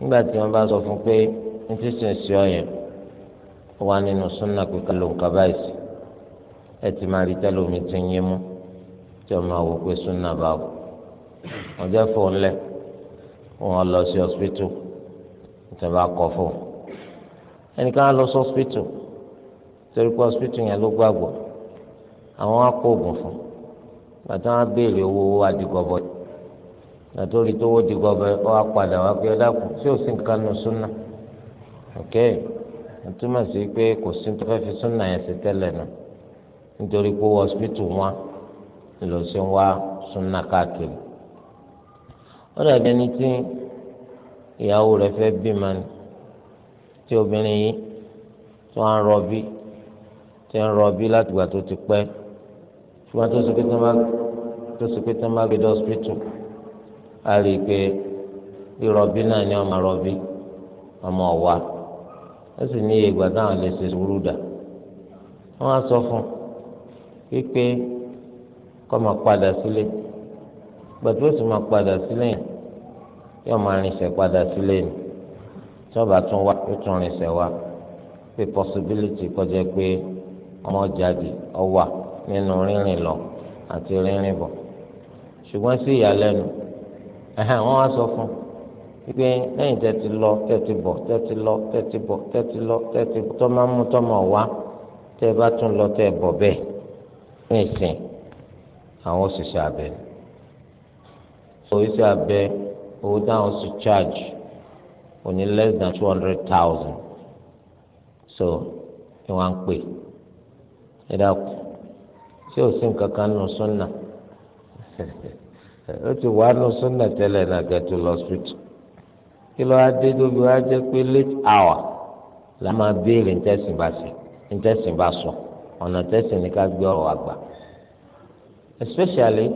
nígbà tí wọ́n bá sọ fún pé ní sísè sí ọyàn ó wà nínú súnà pé ká ló ń ka báyìí sí ẹ ti máa rí tẹlómi ti ń yín mú tí wọ́n máa wò pé súnà bá wò wọ́n jẹ́ fóun lẹ̀ wọ́n lọ sí hospital tí wọ́n bá kọ fóun ẹnìkan á lọ sí hospital torí pé hospital yẹn ló gbàgbọ́ àwọn á kó oògùn fún gbàtà wọn béèrè owó adigunbọ̀dé àtòrí tó wó di gọbẹ ọ wá padà wá pé ọdá kù tí ò sí nǹkan nu súnà ok ìtumọ̀ sí pé kò sí tó fẹ́ fi súnà yẹn sí tẹ́lẹ̀ nù nítorí pé hospital wọn lọ sí wá súnà káàkiri ó dàbí ẹni tí ìyàwó rẹ̀ fẹ́ bímọ ni tí obìnrin yìí tó ń rọbí tí ń rọbí láti gbà tó ti pẹ́ ṣùgbọ́n tó sọ pé tó ń bá gbé dé hospital a rí i pé ìrọbí náà ni ọmọ rọbí ọmọ wa ó sì ní ìgbà táwọn lè ṣe sùúrù dà wọn á sọ fún pípé kọmọ padà sílé gbàtí ó sì máa padà sílé yẹn yóò máa rinṣẹ́ padà sílé ni tí wọn bá tún wá ó tún rinṣẹ́ wá pé possibility kọjá pé ọmọ jáde ọwà nínú rínrìn lọ àti rínrìn bọ̀ ṣùgbọ́n sí ìyàlẹ́nu ẹ̀hẹ́n wọ́n wá sọ fún pípé lẹ́yìn tẹ́tí lọ tẹ́tí bọ̀ tẹ́tí lọ tẹ́tí bọ̀ tẹ́tí lọ tẹ́tí tọ́mọ mú tọ́mọ wá tẹ́ bá tún lọ tẹ́ bọ̀ bẹ́ẹ̀ ní ìsìn àwọn òṣìṣẹ́ abẹ òṣìṣẹ́ abẹ owó táwọn sì charge òní less than two hundred thousand so ni wọ́n pè ẹ dákun tí ò sí nǹkan kan nù sọ́nà. ó ti wà nù súnà tẹ́lẹ̀ náà gẹ̀tù lọ́sítù kí lọ́ọ́ adédọ́bí wa jẹ́ pé late hour la máa béèrè ntẹ́sìn bá sí ntẹ́sìn bá sọ ọ̀nà tẹ́sìn ní ká gbé ọ̀rọ̀ àgbà especially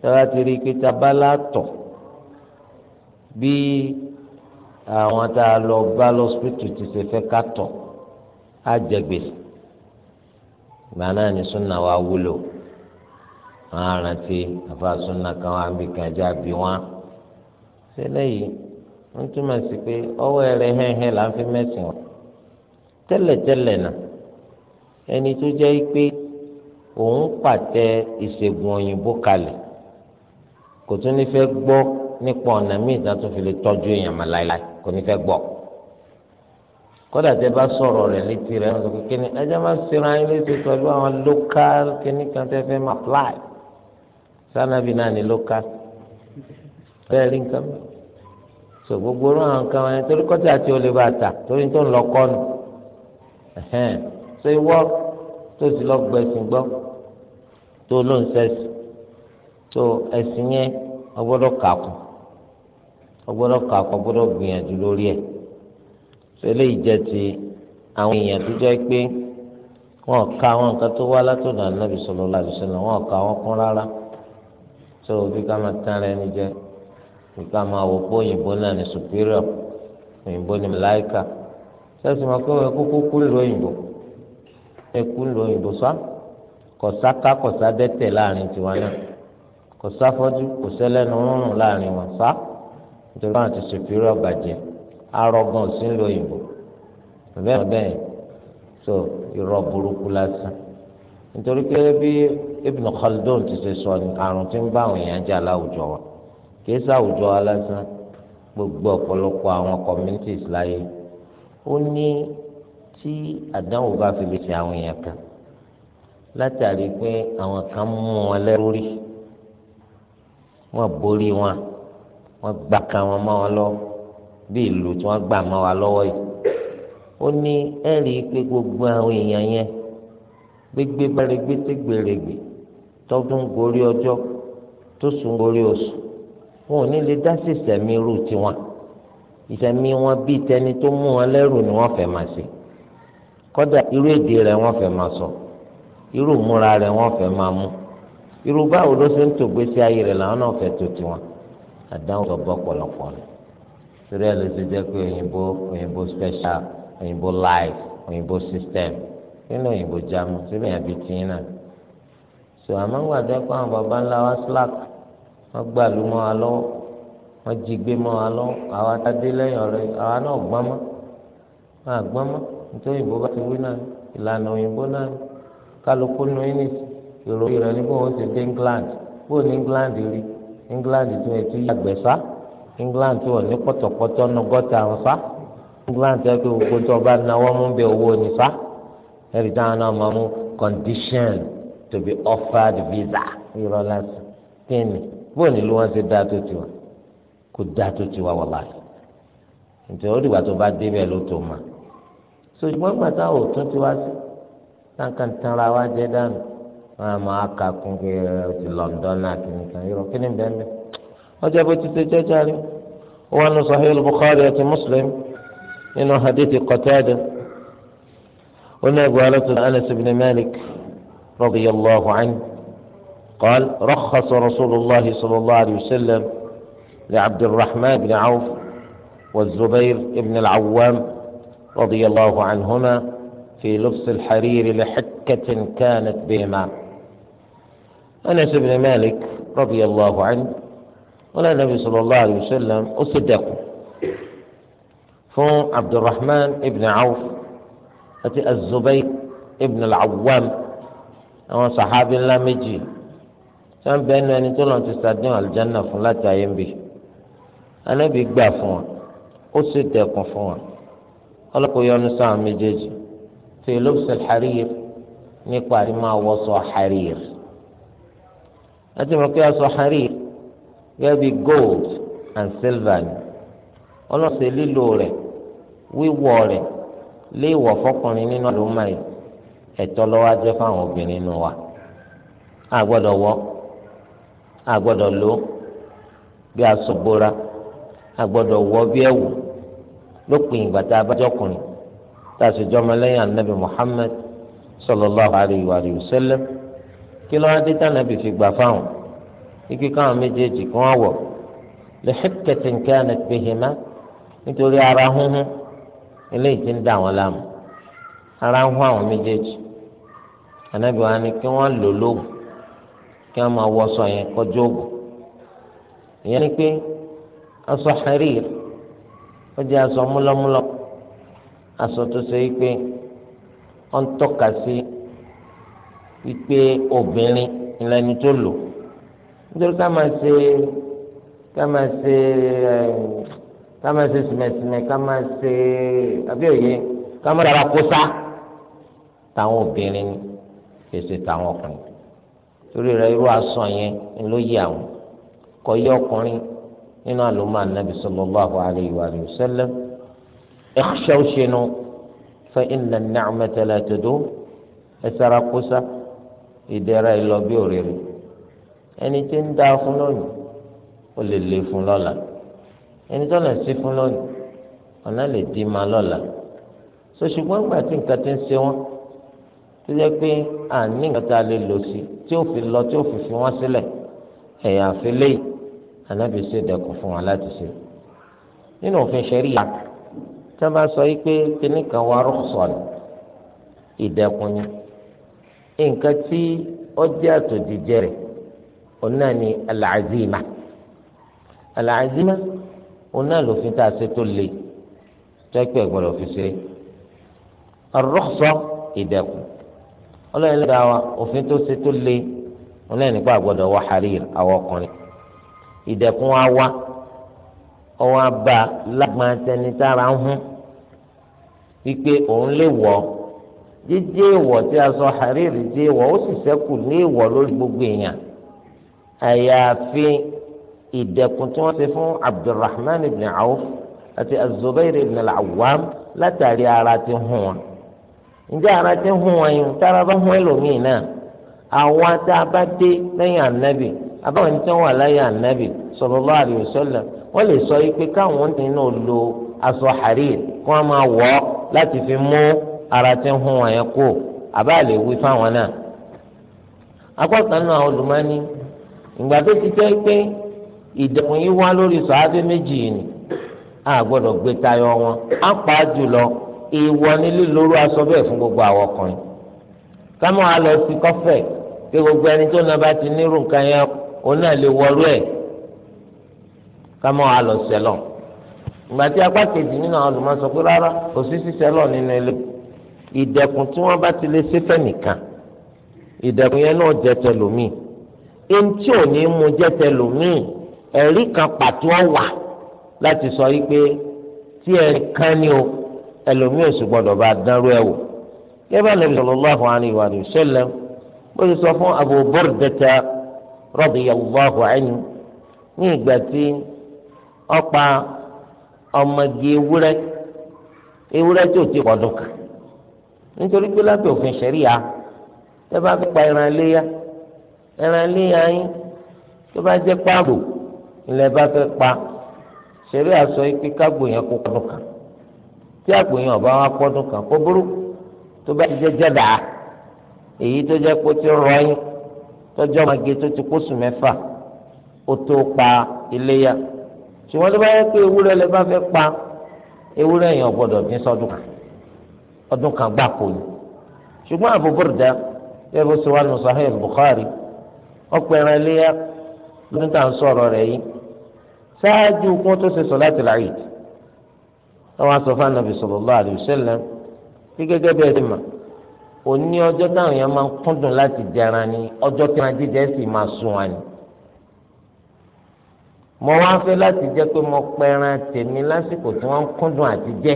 tọ́lá ti rí i pé tabala tọ̀ bí àwọn tá a lọ bá lọ́sítù ti ṣe fẹ́ ká tọ̀ á jẹ gbèsè gbàná ni súnà wa wúlò wọn á rántí àfàsúnà kan wọn á bì kan já bí wọn. ṣé lẹ́yìn wọ́n túmọ̀ sí pé ọwọ́ ẹ̀rẹ̀ hẹ́hẹ́ là ń fi mẹ́sìn wọn. tẹ́lẹ̀tẹ́lẹ̀ náà ẹni tó jẹ́ pé òun pàtẹ ìṣègùn òyìnbó kalẹ̀ kò tún ní fẹ́ gbọ́ nípa ọ̀nà míì tí wọ́n tún fi lè tọ́jú èèyàn mọ́ láéláé kò ní fẹ́ gbọ́ kódà tẹ bá sọ̀rọ̀ rẹ̀ létí rẹ̀ wọ́n sọ pé kíni ẹjẹ́ máa ń sinra yín létí pẹ̀lú àwọn local kíní kan tẹ́ fẹ́ máa fly sanabi náà ni ló ká bẹ́ẹ̀ rí nǹkan so gbogbo orun àwọn nǹkan wọn torí kọ́tí àti olè bá ta torí tó ń lọ kọ́nu so ìwọ tó sì lọ gbẹ̀sìn gbọ́ tó ló ń sẹ́sì tó ẹ̀sìn yẹn ọgbọ́dọ̀ kàkùn ọgbọ́dọ̀ kàkùn ọgbọ́dọ̀ gbìyànjú lórí ẹ̀ so eléyìí jẹ́ ti àwọn èèyàn tó jẹ́ pé wọ́n ka àwọn nǹkan tó wá látọ̀dọ̀ ànábì sallallahu alaihi wasallam wọ́n kún rárá so bí ká máa tán rẹ ní jẹ bí ká máa wò pé òyìnbó náà ní superior òyìnbó ní mìláìkà sẹ́sìn máa pé ẹ kúkú kú lò òyìnbó ẹ kú lò òyìnbó sá kọ̀sáká kọ̀sádẹ́tẹ̀ láàrin tiwa náà kọ̀sáfọ́jú kọ̀sẹ́lẹ́nu rúnrún láàrin wọn sá nítorí wọn ti superior bàjẹ́ arọgàn sí ń lo òyìnbó bẹ́ẹ̀ bẹ́ẹ̀ so irọ́ burúkú lásán nítorí pé bí Ibn Khaldun ti ṣe sọ àrùn tí ń bá àwọn èèyàn jà láwùjọ wa kì í sáwùjọ wa lásán gbogbo ọ̀pọ̀lọpọ̀ àwọn communities láyé ó ní tí àdánwò bá fi lè ṣe àwọn èèyàn kan látàrí pé àwọn kan mú wọn lẹ́rú rí wọ́n borí wọn wọ́n gbà kan wọn mọ́ wọn lọ bí ìlú tí wọ́n gbà mọ́ wa lọ́wọ́ yìí ó ní ẹ̀rí pé gbogbo àwọn èèyàn yẹn gbégbé bá rẹ gbé tẹ́gbẹ̀rẹ̀gbẹ̀ tọdún gorí ọjọ tó sùn gorí oṣù wọn ò ní lè dá sí ìsẹ̀mí irú tiwọn ìsẹ̀mí wọn bíi tẹni tó mú wọn lẹ́rù ni wọn fẹ́ máa ṣe kọdà irú èdè rẹ wọn fẹ́ máa sọ irú múra rẹ wọn fẹ́ máa mú irú báwo ló ṣe ń tò gbèsè ayé rẹ làwọn náà fẹ́ tó tiwọn àdáhùn tó bọ́ pọ̀lọpọ̀ rẹ̀ torí ẹ̀ ló ti jẹ́ pé òyìnbó òyìnbó special òyìnbó life òyìnbó system nínú òyìnbó jamu síbẹ̀ yẹn bíi tiyín náà tó àmọ́ ń gbàdá pé àwọn baba ńlá wa slack wọ́n gbà ló mọ́ wa lọ́wọ́ wọ́n jí gbé mọ́ wa lọ́wọ́ àwa tá a dé lẹ́yìn ọ̀rẹ́ àwa náà gbọ́n mọ́ wọn àgbọ́n mọ́ nítorí òyìnbó bá ti wí náà ìlànà òyìnbó náà kálukú nu ẹni ìròyìn rẹ̀ ní wọn ti dé England bó ní England rí England tó ètò yàgbẹ́ sá England tó wọ̀ ní pọ̀tọ̀pọ̀tọ̀ nu gọ́tà àwọn sá England tó yẹ kó gbogbo tó ọba náwó mú bẹ owó ní sá ẹ̀rí táwọn náà máa mú condition to be offered visa irọ́ lásán kíni bóun ni ló wọ́n ṣe dá tó tiwa kó dá tó tiwa wà láàyè nítorí ó dìgbà tó bá débẹ̀ ló tó ma sojúmọ́ gbàtà ò tún tiwa sí tankan tanra wa jẹ́ dànù wọn a máa kà kún pé ti London náà kìíní kan irọ́ kíni bẹ́ẹ̀ bẹ́ẹ̀ ọjọ́ bó ti ṣe jẹ́jà rí wọn nu Sahih al-Bukhari àti Muslim nínú hadithi Qatada ó náà gbọ́ alẹ́ tó Anas ibn Malik. رضي الله عنه قال رخص رسول الله صلى الله عليه وسلم لعبد الرحمن بن عوف والزبير بن العوام رضي الله عنهما في لبس الحرير لحكة كانت بهما أنس بن مالك رضي الله عنه ولا النبي صلى الله عليه وسلم أصدقوا فهو عبد الرحمن بن عوف أتي الزبير بن العوام àwọn sàhábì ńlá méjì tí wọ́n bẹ ẹnu ẹni tó lọ́n ti sàdéhùn àlùjáná fún láti ayé ń bì anábì gbà fún wọn ó sì dẹkùn fún wọn ọlọ́kùnrin yọnu sáà méjèèjì fi lóbsẹ̀ xaríyè nípa àti máa wọ sọ xaríyè láti mọ̀ pé aṣọ xaríyè gẹ́gẹ́ bí gold and silver ni ọlọ́sẹ̀ lílo rẹ̀ wíwọ̀ rẹ̀ léèwọ̀ fọkùnrin nínú àlùmáyé ẹ̀tọ́ ló wà jẹ́ fáwọn obìnrin nù wa a gbọ́dọ̀ wọ̀ a gbọ́dọ̀ lò bí aṣọ bora a gbọ́dọ̀ wọ̀ bí ẹ̀wù lópin ìgbà tá a bá jọkùnrin tá a sì jọmọ lẹ́yìn anabi muhammed sallallahu alayhi wa sallam kí ló wá dé tànàbì fi gbà fáwọn ike káwọn méjèèjì kí wọn lè hẹkẹtì nǹkan ànàpẹhìmá nítorí ara húnhún eléyìí ti ń dà wọn láàmú ara ń hún àwọn méjèèjì anabi wa ni kí wọ́n lò lóògùn kí wọ́n máa wọṣọ yẹn kọjú òògùn ìyẹn ni pé aṣọ harir ó jẹ́ aṣọ múlọmúlọ aṣọ tó ṣe pé ó ń tọ́ka sí wípé obìnrin ìlànà tó lò nítorí ká máa ṣe ká máa ṣe ká máa ṣe sìmẹsìmẹ ká máa ṣe àbí òye ká máa dára kó sá táwọn obìnrin ni fèsì táwọn ọkùnrin torí rẹ̀ irú aṣọ yẹn ni ló yẹ àwọn kọ yẹ ọkùnrin nínú àlùmọ́ ànábì sallallahu alayhi wa sallam ikhshaw shinu fa inna an-ni'mata la tadum ẹsẹ̀ra kúsá ìdẹ́ra ìlọ bí òrèrè ẹni tí ń da fún lónìí ó lè lè fún lọ́la ẹni tó lè sí fún lónìí ọ̀nà lè dì má lọ́la so gbà tí nǹkan ti ń ṣe wọ́n tó jẹ́ pé àní nǹkan tá a lè lò sí tí ó fi lọ tí ó fi fi wọ́n sílẹ̀ ẹ̀yà àfẹlẹ́ ànábì ṣe dẹ̀kun fún wa láti ṣe nínú òfin ṣẹ̀ríà tí wọ́n bá sọ yìí pé kíní kan wà rúkṣọ̀ ni ni nǹkan tí ó jẹ́ àtòjìjẹ rẹ̀ òun náà ni alàzìmà alàzìmà òun náà lòfin tá a ṣe tó le tẹ́pẹ́ gbọ́dọ̀ fi ṣe rúkṣọ̀ ìdẹ̀kun ọlọ́run lè dá wa òfin tó ṣe tó le ọlọ́run nípa àgbọ̀dọ̀ wọ harir àwọn ọkùnrin ìdẹ̀kùn wa wá ọwọ́ abá lágbọ́n tẹni tára ń hún wípé òun lè wọ̀ jíjẹ́ ìwọ̀ tí a sọ harir jẹ́ ìwọ̀ ó sì ṣẹ́kù ní ìwọ̀ lórí gbogbo èèyàn àyàfi ìdẹ̀kùn tí wọ́n ṣe fún Abdulrahman ibn Auf àti az ibn al látàrí ara ti hùn wọn. ndị ara ti anyị hun wọn yìí bá a bá dé lẹ́yìn ànábì àbáwọn tí wọ́n wà láyé ànábì sallallahu alaihi wasallam lè sọ yìí pé káwọn ti náà lo aṣọ harir kí wọ́n máa wọ̀ fi mú ara ti anyị hun wọn yẹn fa lè wí fáwọn náà. akọ́kàn olùmọ́ni ìgbà tó ti jẹ́ pé ìdẹ̀kùn yìí wá lórí a gbé ìwọ ni lílorú aṣọ bẹ́ẹ̀ fún gbogbo àwọn ọkùnrin kámọ́ a lọ sí kọ́fẹ̀ pé gbogbo ẹni tó náà bá ti nírú nǹkan yẹn òun náà lè wọlú ẹ̀ kámọ́ a lọ sẹ́lọ̀ ìgbà tí apá kejì nínú àwọn olùmọ̀ sọ pé rárá kò sí sí sẹ́lọ̀ nínú ilé ìdẹ̀kùn tí wọ́n bá ti lè ṣe fẹ́ nìkan ìdẹ̀kùn yẹn náà jẹ́ tẹlòmíì ẹni tí ò ní mú jẹ́ tẹlòmíì ẹ̀rí kan pàtó wà láti sọ yìí pé tí ẹnìkan ni o ẹlòmíì ò sì gbọdọ̀ bá dánrú ẹ̀ wò yẹ́bà nàbì sallallahu alayhi wa sallam ó ti sọ fún Abu Burdata radiyallahu anhu ní ìgbà tí ó pa ọmọge ewúrẹ́ ewúrẹ́ tí ò ti pọ̀dún kan nítorí pé lábẹ́ òfin ṣẹ̀ríya ẹ fi pa ẹran léyà ẹran léyà yín tó bá jẹ́ páàbò ilẹ̀ bá fẹ́ pa ṣẹ̀ríya sọ pé kágbó yẹn kó pọ̀dún kan tí àpò yẹn ọba wa pọ́dún kan kó burú tó bá ti jẹ́ jẹ́dà èyí tó jẹ́ kó ti rọ yín tọ́jọ́ mage tó ti kóṣù mẹ́fà ó tó pa iléyà ṣùgbọ́n tó bá yẹ pé ewúrẹ́ lẹ bá fẹ́ pa ewúrẹ́ yẹn ọ̀gbọ́dọ̀ bí sọ́dún kan ọdún kan gbà kò ní ṣùgbọ́n Abu Burda bẹ́ẹ̀ bó ṣe wà nù Sahih Bukhari ọ̀pọ̀ ẹran iléyà lónìí tá à ń sọ̀rọ̀ rẹ̀ yìí ṣáájú kó tó ṣe sọ̀láàtì láàyè táwọn aṣọ fún anabi sallallahu alaihi wasallam bí gẹ́gẹ́ bẹ́ẹ̀ ti mà òní ọjọ́ táwọn yẹn máa ń kúndùn láti jẹran ni ọjọ́ tí wọn jíjẹ sì máa sùn wọn ni mo wá fẹ́ láti jẹ́ pé mo pẹran tèmi lásìkò tí wọ́n ń kúndùn àti jẹ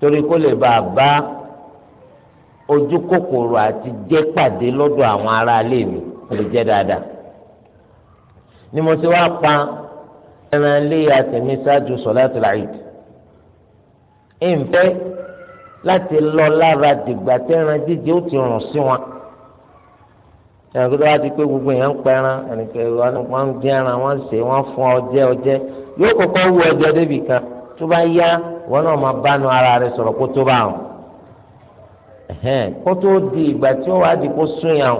torí kó lè bá bá ojú kòkòrò àti jẹ pàdé lọ́dọ̀ àwọn ará mi kò lè jẹ dáadáa ni mo ti wá pa ẹran léyà tèmi ṣáájú sọ̀láàtì làyìd ìǹfẹ́ láti lọ lára dìgbà tẹ́ran jíjẹ ó ti rùn sí wọn ẹran kí ló wá di pé gbogbo èèyàn ń pẹran ẹnìkẹ́ wọn ń dín ẹran wọn ń sè wọn fún ọjẹ ọjẹ yóò kọ́kọ́ wú ọjọ́ débì kan tó bá yá wọn náà máa bánu ara rẹ sọ̀rọ̀ kó tó bá wọn kó tó di ìgbà tí ó wá di kó sún yàn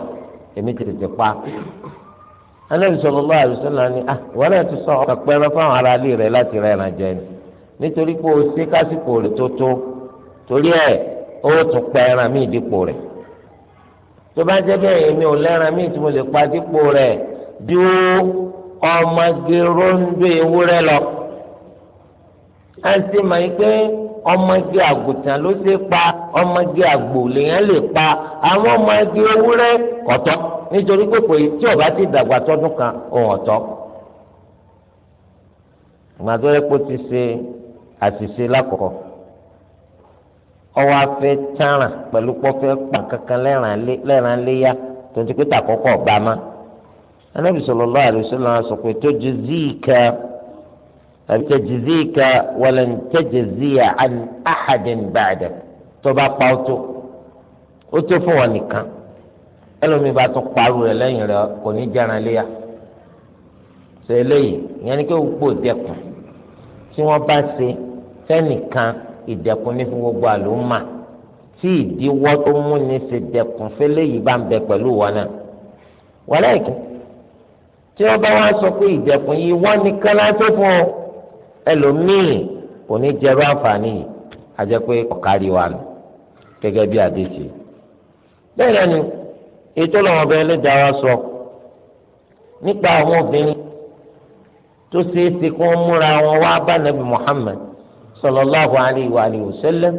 èmi tètè pa Ànábì sallallahu alaihi wasallam ni ah, wọn náà ti sọ ọkọ pẹrẹ fáwọn aráalé rẹ láti rẹ ẹran jẹ ni nítorí pé o ṣe kásìkò rẹ tó tó torí ẹ o tún pa ẹran míì dípò rẹ tó bá jẹ bẹ́ẹ̀ èmi ò lẹ́ran míì tí mo lè pa dípò rẹ dúró ọmọge lọ. a ti mọ̀ ọmọge àgùntàn ló ṣe pa ọmọge àgbò lèèyàn lè pa àwọn ọmọge ewúrẹ́ ọtọ nítorí pé pé tí ọba ti dàgbà tọdún kan òun ọ̀tọ̀ ìgbàdo ti ṣe àṣìṣe lákọ̀ọ́kọ́ ọwọ́ afẹ́ tààràn pẹ̀lú pọ́fẹ́ lẹ́ràn léyà tó ti pé tàkọ́kọ́ ọba ma tẹjizika ولن تجزي عن أحد بعدك. tó bá وتفو ó tó ó tó fún wọn nìkan ẹlòmíì bá tún parú rẹ lẹ́yìn rẹ kò ní jẹran léyà ṣe eléyìí ìyẹn ni kí gbogbo dẹkùn tí wọ́n bá ṣe fẹ́nìkan ìdẹkùn ní fún gbogbo àlùmà tí ìdíwọ́ tó múni ṣe dẹkùn fẹ́lẹ́ yìí bá ń bẹ pẹ̀lú wọn náà wọ́n lẹ́yìn tí wọ́n bá wá sọ pé ìdẹkùn yìí wọ́n nìkan láti fún ọ ẹlòmíì kò ní jẹ bá àǹfààní yìí ajẹ́ pé ọ̀kárí wa nù gẹ́gẹ́ bí àdéṣe. bẹ́ẹ̀ náà ni ètò ọlọ́wọ́ ọbẹ̀ ẹlẹ́dàá wa sọ nípa àwọn obìnrin tó ṣeé ṣe kí wọ́n múra wọn wá bá nàbì Muhammad sallallahu alayhi wa alihi wa sallam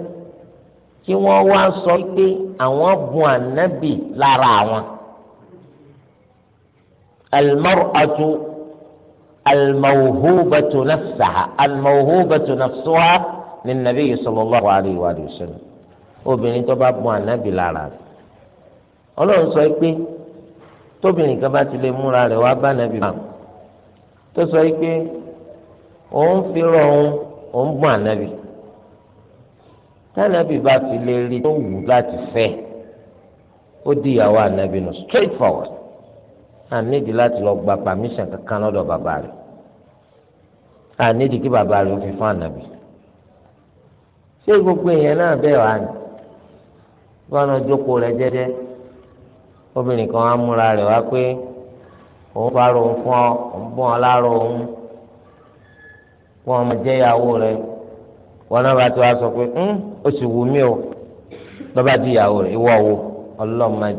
kí wọ́n wá sọ pé àwọn bùn ànábì lára àwọn. al-mar'atu الموهوبة نفسها الموهوبة نفسها للنبي صلى الله عليه وآله وسلم obìnrin tó bá bùn ànábì lára rẹ̀ Ọlọ́run sọ pé tóbìnrin kan bá ti lè múra rẹ̀ wá bá ànábì máa tó sọ pé òun fi rọ òun òun ànábì tànábì bá fi lè rí tó wù láti fẹ́ ó di ìyàwó ànábì nù straight forward àníìdí láti lọ gba pàmíṣàn kankan lọ́dọ̀ bàbá rẹ̀ àníìdí kí bàbá rẹ̀ ó fi fún ànàbì ṣé gbogbo èèyàn náà bẹ́ẹ̀ wá ní bọ́ọ̀nà jókòó rẹ̀ jẹ́jẹ́ obìnrin kan á múra rẹ̀ wá pé òun fáró òun fún ọ òun bọ́n ọ láró òun fún ọmọ jẹ́yàwó rẹ̀ wọn náà bá ti wá sọ pé ó sì wù mí o bàbá di ìyàwó rẹ̀ ìwọ wo ọlọ́mọdé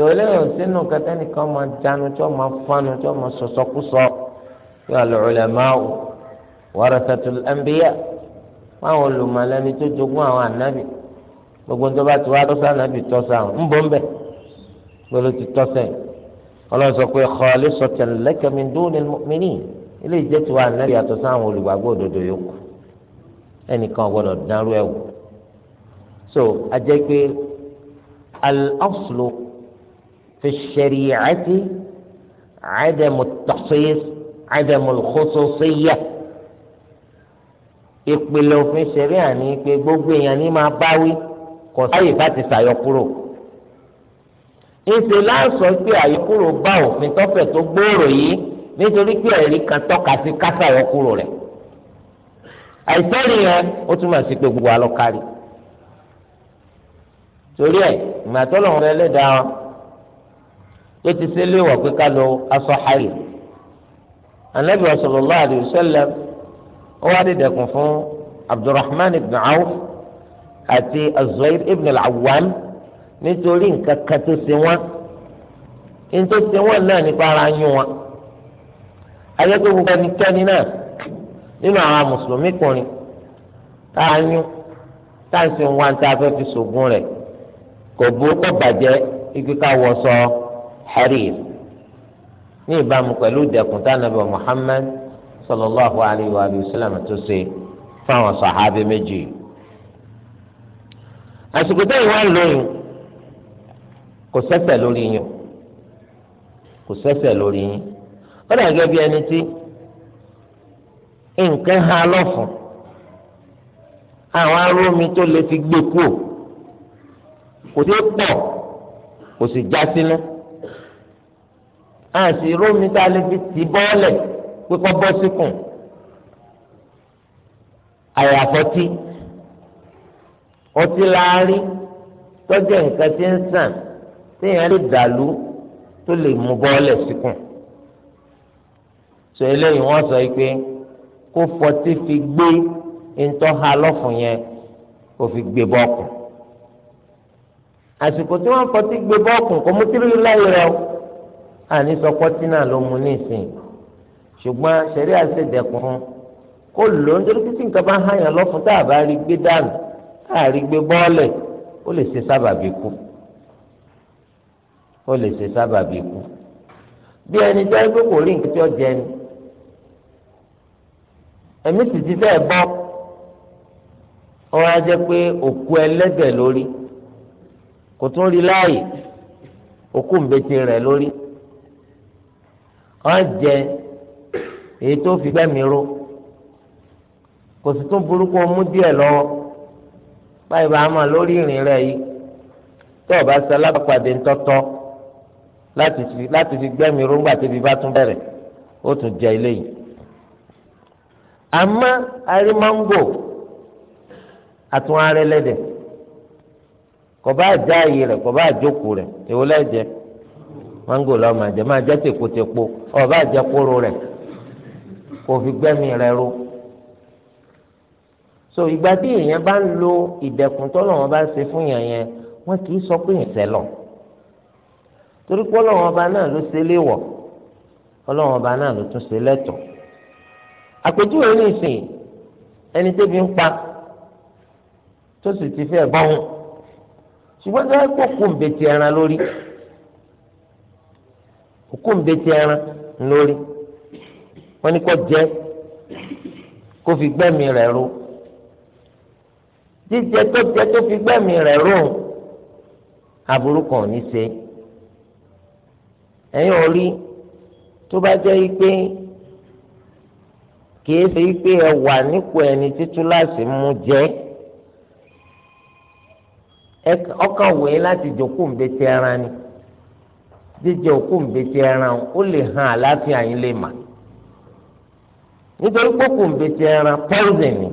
tòlẹ́ yóò sínú kẹtẹ́ nìkan máa jánu tí wọ́n máa fánu tí wọ́n máa sọ̀sọ́kúsọ yóò al-ulama'u warathatul anbiya báwọn olùmọ̀lẹ́ni tó jogún àwọn ànábì gbogbo tó bá ti wá tọ́sí ànábì tọ́sí àwọn ń bọ́ ń bẹ̀ gbọ́dọ̀ ti tọ́sẹ̀ ọlọ́run sọ pé khalisatan laka min dunil mu'minin ilé ìjẹ́ so ajẹ́ pé في الشريعة عدم التخصيص عدم الخصوصية ìpìlẹ̀ òfin ṣẹ̀ríà ni pé gbogbo èèyàn ní máa báwí kò sáyè láti ṣàyọkúrò ìṣe láǹsọ pé àyọkúrò bá òfin tọ́fẹ̀ tó gbòòrò yìí nítorí pé ẹ̀rí kan tọ́ka sí kásàyọkúrò rẹ̀ àìsẹ́rì yẹn ó túmọ̀ sí pé gbogbo alọ́kárí torí ẹ̀ ìgbà tó ẹlẹ́dàá wọn ló ti ṣe léwọ̀ pé ká lo aṣọ hayi anabi sallallahu alayhi wa sallam ó wá dé dẹkùn fún abdulrahman ibn awf àti azuair ibn al-awwam nítorí nǹkan kan tó ṣe wọn nítorí tó ṣe wọn náà nípa ara yún wọn ayẹ́pẹ́ gbogbo ẹnikẹ́ni náà nínú àwọn mùsùlùmí kùnrin tá a yún tá a sì ń tá a fẹ́ fi ṣògùn rẹ̀ kò burúkú bàjẹ́ ibi ká wọ sọ ọ́. harir ní ìbámu pẹ̀lú dẹkùn tánàbà Muhammad sallallahu alayhi wa sallam tó ṣe fáwọn sàhábì méjì àsìkò tó ìwà lóyún kò sẹ́ṣẹ̀ lórí yín kò sẹ́ṣẹ̀ lórí ẹni tí ha àwọn arómi tó lè fi gbé kú kò tí àti rómi tá a lè fi tì bọ́ọ̀lẹ̀ pé kọ́ bọ́ síkùn àyàfọ́tí ọtí láárí tọ́jú nǹkan tí ń sàn téèyàn lè dàlú tó lè mú bọ́ọ̀lẹ̀ síkùn sọ eléyìí wọ́n sọ pé kó fọtí fi gbé ntọ́ha lọ́fun yẹn kó fi gbé bọ́ọ̀kùn àsìkò tí wọ́n fọtí gbé bọ́ọ̀kùn kò mú tírí láyé o àní sọ kọ́tínà ló mu ní ìsìn ṣùgbọ́n ṣẹ̀rí àṣẹ̀dẹ̀kùn fún kó lò ń torí títí nǹkan bá ń hàyàn lọ́fun tá a bá rí gbé dànù tá a rí gbé bọ́ọ̀lẹ̀ ó lè ṣe sábàbí kú ó lè ṣe sábàbí kú bí ẹni jẹ́ pé kò rí nǹkan tí ó jẹ ni ẹ̀mí sì ti fẹ́ẹ̀ bọ́ ọ wá jẹ́ pé òkú ẹlẹ́dẹ̀ lórí kò tún rí láàyè òkú ń bẹ ti rẹ̀ lórí wọn jẹ èyí tó fi gbẹmí ró kò sì tún burúkú mú díẹ̀ lọ́wọ́ báyìí bá a mọ lórí ìrìn rẹ yìí tó o bá ṣe alábàpàdé ńtọ́tọ́ láti fi gbẹmí ró ńgbà tóbi bá tún bẹ̀rẹ̀ ó tún jẹ ilé yìí àmọ́ arí máńgò àtúnwárẹ lẹdẹ kọba àjá yìí rẹ kọba àjókòó rẹ èwo lẹjẹ mango lọ máa jẹ máa jẹ tèkótèkó ọba àjẹ kóró rẹ kò fi gbẹmí rẹ ro so ìgbà tí èèyàn bá ń lo ìdẹ̀kùn tọ́lọ̀ wọn bá ṣe fún yàn yẹn wọn kì í sọ pé yàn sẹ́lọ̀ torí pé ọlọ́wọ́n ọba náà ló ṣe léwọ̀ ọlọ́wọ́n ọba náà ló tún ṣe lẹ́tọ̀ àpèjúwe ní ìsìn ẹni tẹ́bi ń pa tó sì ti fẹ́ bọ́hùn ṣùgbọ́n tí wọ́n kó kó ń ẹran lórí òkú ń betí ẹran lórí wọn ní kó jẹ kó fi gbẹ̀mí rẹ̀ ró jíjẹ tó jẹ tó fi gbẹ̀mí rẹ̀ ró aburú kan ò ní ṣe ẹ̀yin ò rí tó bá jẹ́ pé kìí ṣe pé ẹ wà nípò ẹni títú láti mú jẹ ọkàn wòye láti jókòó ń betí ẹran ni jíjẹ òkú ńbẹ̀tì ẹran ó lè hàn àlàáfíà yín lè mà nítorí pòkù ńbẹ̀tì ẹran poison ni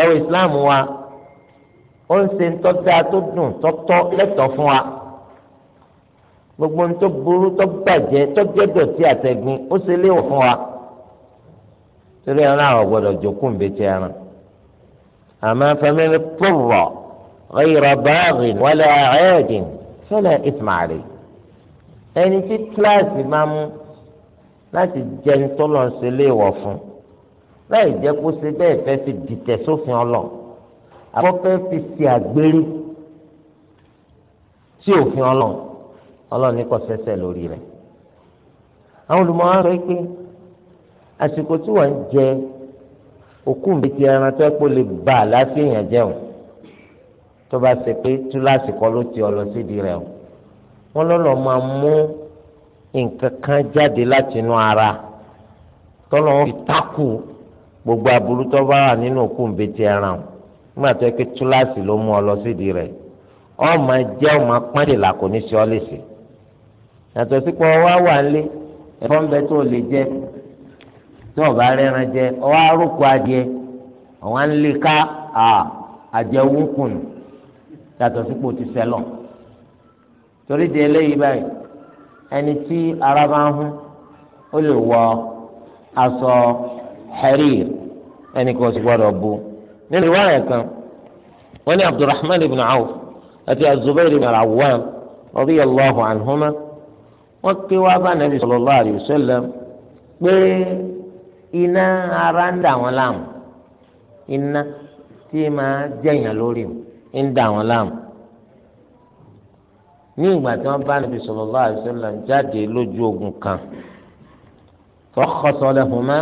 ẹ̀rọ ìsìláàmù wa ó ń ṣe ńtọ́já tó dùn tọ́tọ́ lẹ́tọ̀ọ́ fún wa gbogbo ń tó burú tó bàjẹ́ tó jẹ́ dọ̀tí àtẹ̀gbin ó ṣe léwọ̀ fún wa torí ẹran àwọn gbọdọ̀ jókòó ńbẹ̀tì ẹran àmọ́ fẹ́mi púrọ̀ ọ̀yẹ̀rọ̀ báàgì wọlé ẹ̀ẹ́dìn fẹlẹ ìtìmàlè ẹni tí kíláàsì máa mú láti jẹun tó lọ ṣe léèwọ̀ fún láì jẹ́ kó ṣe bẹ́ẹ̀ fẹ́ fi dìtẹ̀ sófin ọlọ àkọ́fẹ́ fi ṣe àgbérí sí òfin ọlọ ọlọ ní kò ṣẹ̀ṣẹ̀ lórí rẹ̀ àwọn olùmọ̀ ara rẹ̀ pé àsìkò tí wọ́n ń jẹ òkú mi ti ẹran tó ẹ kó lè ba àlàáfíà yẹn jẹun tó bá ṣe pé túláàsì kọ́ ló ti ọ lọ sídìí rẹ̀ o wọ́n lọ́lọ́ máa mú nǹkan kan jáde láti inú ara tọ́lọ́ fi tákù gbogbo aburú tó bá wà nínú òkú nbẹ̀tì ẹran o nígbà tó yẹ pé túláàsì ló mú ọ lọ sídìí rẹ̀ ọ máa jẹ́ ọ máa pọ́nlẹ̀ là kò ní sí ọ lèsì yàtọ̀ sí pé wà ń ẹ̀fọ́ ń bẹ tó lè jẹ tó ọba rẹ́ran jẹ ọwọ́ arókò adìẹ ọ̀wọ́n ń lè ká àjẹwò kùnú yàtọ̀ sípò ti sẹ́lọ̀ torí di eléyìí báyìí ẹni tí ara bá ń hún ó lè wọ aṣọ harir ẹni kò sì gbọdọ̀ bu nínú ìwáyà kan wọ́n ní abdulrahman ibn awf àti azubair ibn awwam radiyallahu anhuma wọ́n ké wá bá nàbì sallallahu alayhi wa pé iná ara ń dà wọ́n láàmú iná tí máa jẹ̀yàn lórí mu ń dà wọ́n láàmú ní ìgbà tí wọ́n bá Nabi sallallahu alaihi wasallam jáde lójú ogun kan fakhassa lahuma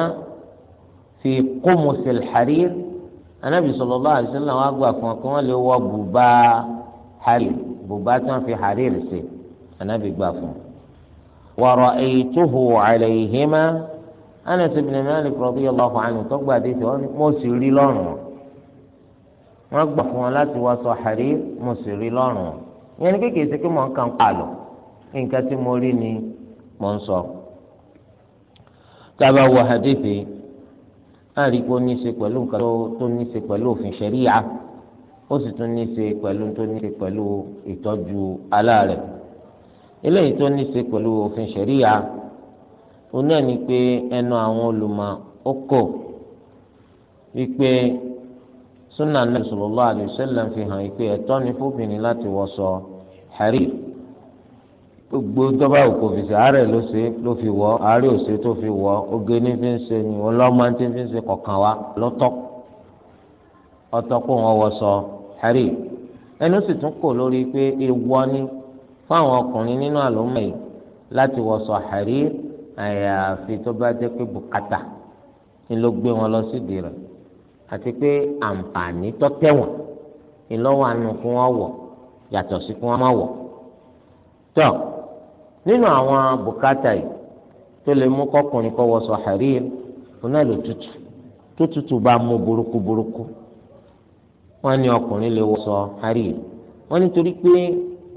fi qumusil harir Ànábì sallallahu alaihi wasallam wá gbà fún ọ kí wọ́n lè wọ bùbá harir bùbá tí wọ́n fi harir ṣe Ànábì gbà fún ọ. ورأيته عليهما أنس بن مالك رضي الله عنه تقبل حديثه موسي لي لونه wọ́n gbà fún wọn láti wá sọ àrí mo sì rí ni wọn ìyẹn ní kékeré sí pé mò ń kàn pààlọ́ nǹkan tí mo rí ni mò ń sọ. tábà wọ hadithi náà rí pé ó ní í ṣe pẹ̀lú nǹkan tó ní í ṣe pẹ̀lú òfin ṣẹ̀ríyà ó sì tún ní í ṣe pẹ̀lú tó ní í ṣe pẹ̀lú ìtọ́jú aláàrẹ̀ eléyìí tó ní í ṣe pẹ̀lú òfin ṣẹ̀ríyà ó náà ní pé ẹnu àwọn olùmọ̀ ó kò wípé sunna nabi sallallahu alayhi wa sallam fi hàn pé ẹ̀tọ́ ni fóbìnrin láti wọṣọ harir gbogbo dọ́bà òkò fèsì àárẹ̀ ló ṣe ló fi wọ̀ àárẹ̀ òṣè tó fi wọ̀ oge ní fi ń ṣe ni ọlọ́mọ tí fi ń ṣe kọ̀ọ̀kan wa lọ́tọ̀ ọtọ́ kó wọn wọṣọ harir ẹnu sì tún kò lórí pé èèwọ̀ ni fún àwọn ọkùnrin nínú àlùmọ̀ yìí láti wọṣọ harir àyàfi tó bá jẹ́ pé bùkátà ni ló gbé wọn lọ sídìí rẹ̀ àti pé àǹfààní tọ́tẹ̀wọ̀n ìlọ́wọ́ àánú kí wọ́n wọ̀ yàtọ̀ sí kí wọ́n má wọ̀. tọ́ nínú àwọn bùkátà yìí tó lè mú kọkùnrin kọ́ wọṣọ harir fúnà ló tutù tó tutù bá mú burúkú burúkú wọ́n ní ọkùnrin lè wọṣọ harir wọ́n nítorí pé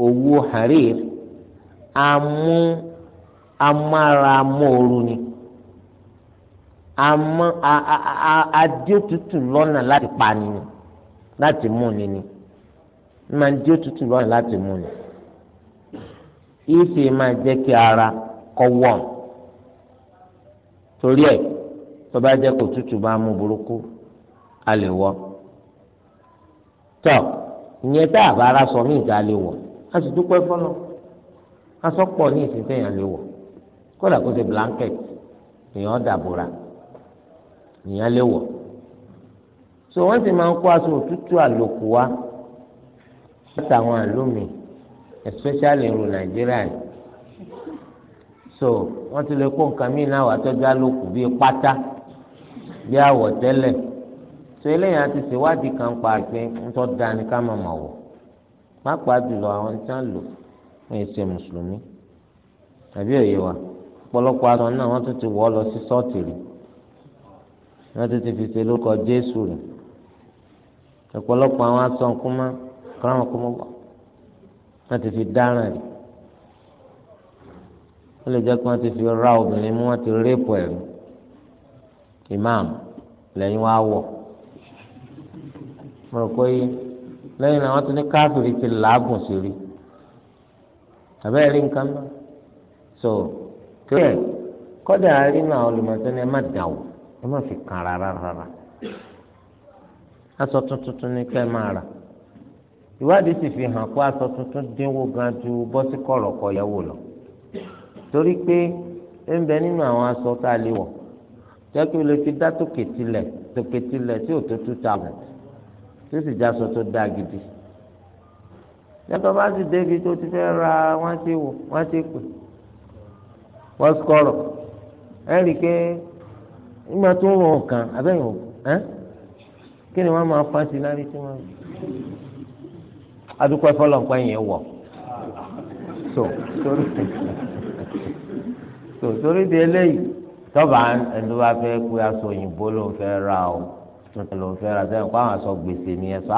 òwú harir amú amára mọ́ òru ni àmọ́ adé òtútù lọ́nà láti pa ni láti mú ni ni máa ń dé lọ́nà láti mú ni ìfì máa jẹ́ kí ara kọ́ wọ̀n torí ẹ̀ tó bá jẹ́ kó òtútù bá mú burúkú a lè wọ̀ tọ́ ìyẹn tá a bá ara sọ ní ìta lè wọ̀ a sì dúpẹ́ fọ́nà aṣọ pọ̀ ní ìsìn lè wọ̀ kódà kó ṣe blanket èèyàn dàbòrà. ìyẹn lè so wọ́n sì máa ń kó aṣọ òtútù àlòkù wa àwọn àlómi especially ìlú nàìjíríà yìí so wọ́n ti lè kó nǹkan míì náà wà àlòkù bíi pátá bíi àwọ̀tẹ́lẹ̀ so eléyìí àti ṣèwádìí kan pa pé ń tọ́ da ni ká máa mọ̀ wọ̀ pápá jùlọ àwọn tí wọ́n lò wọ́n ṣe mùsùlùmí àbí òye wa ọ̀pọ̀lọpọ̀ wọ́n ti ti fi ṣe lórúkọ jésù rẹ̀ ọ̀pọ̀lọpọ̀ àwọn asọ̀nkúnmá kọ́láwọn kọ́mọ́ wà wọ́n ti fi dáràn rẹ̀ wọ́n lè jẹ́ pé wọ́n ti fi ra obìnrin mú wọ́n ti rẹ́pù ẹ̀rù imam lẹ́yìn wá wọ̀ mo rò pé lẹ́yìn náà wọ́n ti ní káfíìrì ti làágùn sí rí àbẹ́rẹ́ rí nǹkan náà so kí ẹ kọ́dà rí náà olùmọ̀tẹ́ni ẹ má dà wọ́ ẹ má fi kàn rárá rárá aṣọ tuntun tún ní kẹ́ máa rà ìwádìí sì fi hàn pé aṣọ tuntun dínwó gan ju bọ́sí kọ̀rọ̀kọ̀ yẹ̀wò lọ torí pé ń bẹ nínú àwọn aṣọ tá a lè wọ̀ jẹ́ kí o lè fi dá tòkè tilẹ̀ tòkè tilẹ̀ tí ò tó tú tablet tó sì já aṣọ tó dáa gidi yàtọ̀ bá sì débi tó ti fẹ́ ra wọ́n ti wò wọ́n ti pè wọ́n ẹ̀ rí i pé nígbà tó ń wọn kàn abẹ́yìn òkú ẹ́ kí ni wọ́n máa fásitì lárí tí wọ́n. adúpọ̀ ẹ̀fọ́ lọ́nkọ́ yẹn wọ̀ so torí so torí di eléyìí tọ́ba ẹni bá fẹ́ pé aṣọ òyìnbó ló ń fẹ́ ra o ló ń fẹ́ ra sẹ́yìn kó àwọn aṣọ gbèsè ni ẹ sá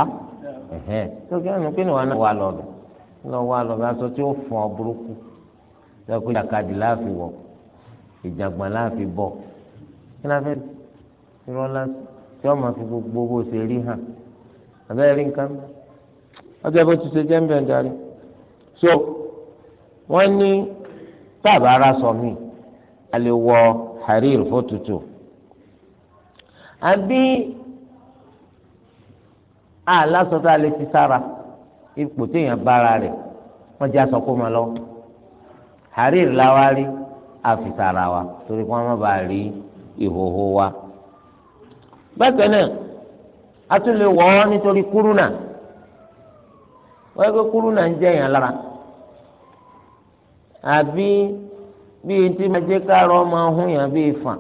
tó kí ẹnu kí ni wọn náà wà lọ́dọ̀ lọ wà lọ́dọ̀ aṣọ tí ó fún ọ burúkú sọ pé jàkadì láàfin wọ̀ ìjàgbọ̀n láàfin bọ̀ kí la fẹ́ irọ́ lásán tí wọ́n máa fi gbogbo bó ṣe rí hàn àbẹ́rẹ́ rí nǹkan ọjọ́ bó ti ṣe jẹ́ ń bẹ̀ ń darí so wọ́n ní táàbà ara sọ mí a lè wọ harir fótútù àbí àlásọ̀tà lè ti sára ipò téèyàn bára rẹ̀ wọ́n já sọ kó máa lọ harir la wá wa torí kí wọ́n má bàa rí i. ìhòhò wa bákan náà a tún lè wọ̀ ọ́ nítorí kúrúnà wọ́n gbé kúrúnà ń jẹ́ èèyàn lára àbí bíi tí ma jẹ́ káàrọ̀ máa hún yàn bíi fàn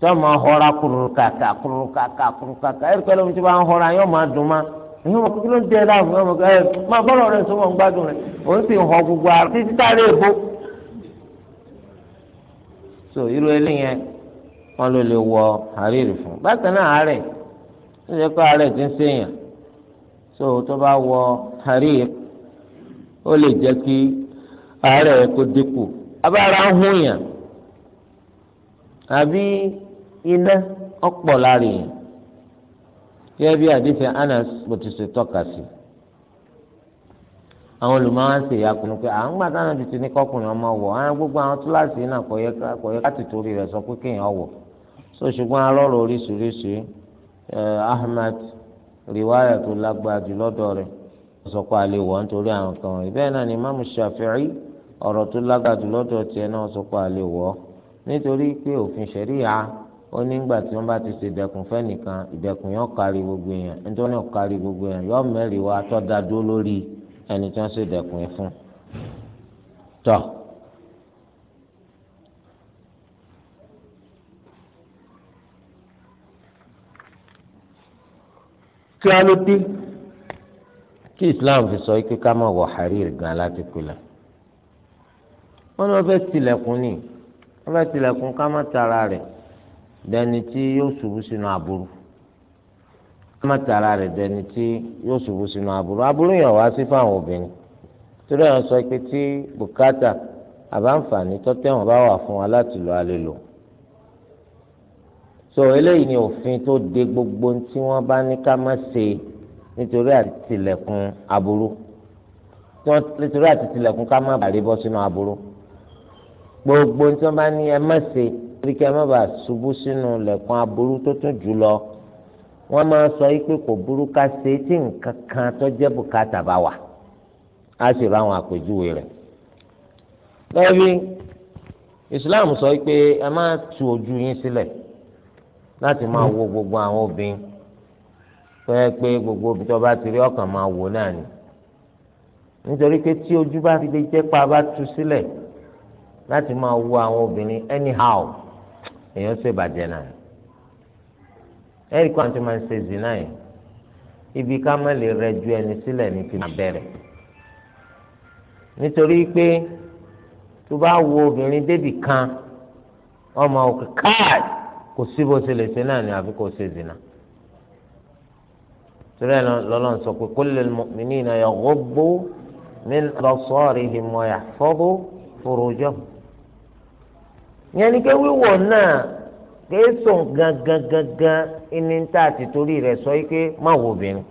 tó máa họra kúrúkàkà kúrúkàkà kúrúkàkà ẹ̀rí pẹ́lú omi tí wọ́n á họra yóò máa dùn máa ahụ wọn kúkú ló ń jẹ máa bọ́lọ̀ sọ́wọ́ ń gbádùn òun sì ń họ gbogbo lè bó so wọn ló lè wọ àríri fún bàtà náà àárẹ̀ ó lè kọ àárẹ̀ tí ń so tó bá wọ àríri ó lè jẹ́ kí àárẹ̀ kó dínkù abára ń hún yàn àbí iná ọpọ lára yàn gẹ́gẹ́ bí àdìsẹ́ Anas bó ti ṣe tọ́ka sí àwọn olùmọ̀ọ́ ń pé à ń gbà ti ní kọkùnrin ọmọ wọ̀ àwọn gbogbo àwọn túláàsì náà yẹ ká rẹ̀ sọ so ṣùgbọ́n arọ́rọ̀ oríṣiríṣi Ahmad riwaya tó lágbára jù lọ́dọ̀ rẹ̀ sọ pé a lè wọ̀ nítorí àwọn kan wọ̀nyí bẹ́ẹ̀ náà ni Imam Shafi'i ọ̀rọ̀ tó lágbára jù lọ́dọ̀ tiẹ̀ náà sọ pé a lè wọ̀ nítorí pé òfin ṣẹ̀ríyà ó nígbà tí wọ́n bá ti ṣe ìdẹ̀kùn fẹ́nìkan ìdẹ̀kùn yóò kárí gbogbo èèyàn nítorí yóò kárí gbogbo èèyàn yóò mẹ́rin wa tọ́ da dúró lórí ẹni tí wọ́n ṣe ìdẹ̀kùn yẹn fún. tọ́ kí wọ́n ló dé kí islam fi sọ pé ká máa wọ hariri gan láti pilẹ̀ wọ́n ní wọ́n fẹ́ tilẹ̀kùn ni wọ́n fẹ́ tilẹ̀kùn ká má tara rẹ̀ dẹni tí yóò ṣubú sínú aburú ká má tara rẹ̀ dẹni tí yóò ṣubú sínú aburú aburú yẹn wá sí fáwọn obìnrin torí àwọn sọ pé tí bùkátà àbáǹfààní tọ́tẹ̀wọ̀n bá wà fún wa láti lọ alẹ́ lò so eléyìí ni òfin tó de gbogbo tí wọ́n bá ní ká má ṣe nítorí àtìlẹ̀kùn aburú nítorí àtìlẹ̀kùn ká má bàrí bọ́ sínú aburú gbogbo tí wọ́n bá ní ẹ má ṣe torí kí ẹ má bàa ṣubú sínú lẹ̀kùn aburú tó tún jù lọ wọ́n máa sọ pé kò burú ká ṣe tí nǹkan kan tó jẹ́ bùkátà bá wà á sì ra àwọn àpèjúwe rẹ̀ lẹ́yìn Islam sọ pé ẹ má tu ojú yín sílẹ̀. Si láti máa mm-hmm. wo gbogbo àwọn obìnrin pé pé gbogbo obìnrin tó bá ti rí ọkàn máa wò náà ni nítorí pé tí ojú bá fi lè jẹ́ pa bá tú sílẹ̀ láti máa wo àwọn obìnrin anyhow èèyàn ṣèbàjẹ́ náà ẹ̀rí kan tó máa ń ṣe zina yìí ibi ká má lè rẹjú ẹni sílẹ̀ ní ti máa bẹ̀rẹ̀ nítorí pé tó bá wo obìnrin débì kan ọmọ òkè káàdì kò sí bó ṣe lè ṣe náà ni àfi kò ṣe zina torí ẹ lọ́lọ́ sọ pé kullil mu'minina yaghuddu min absarihim wa yahfazu furujahum yẹn ni pé wíwọ̀ náà kìí sùn gangan gangan ẹni tá a ti torí rẹ̀ sọ yìí pé má wo obìnrin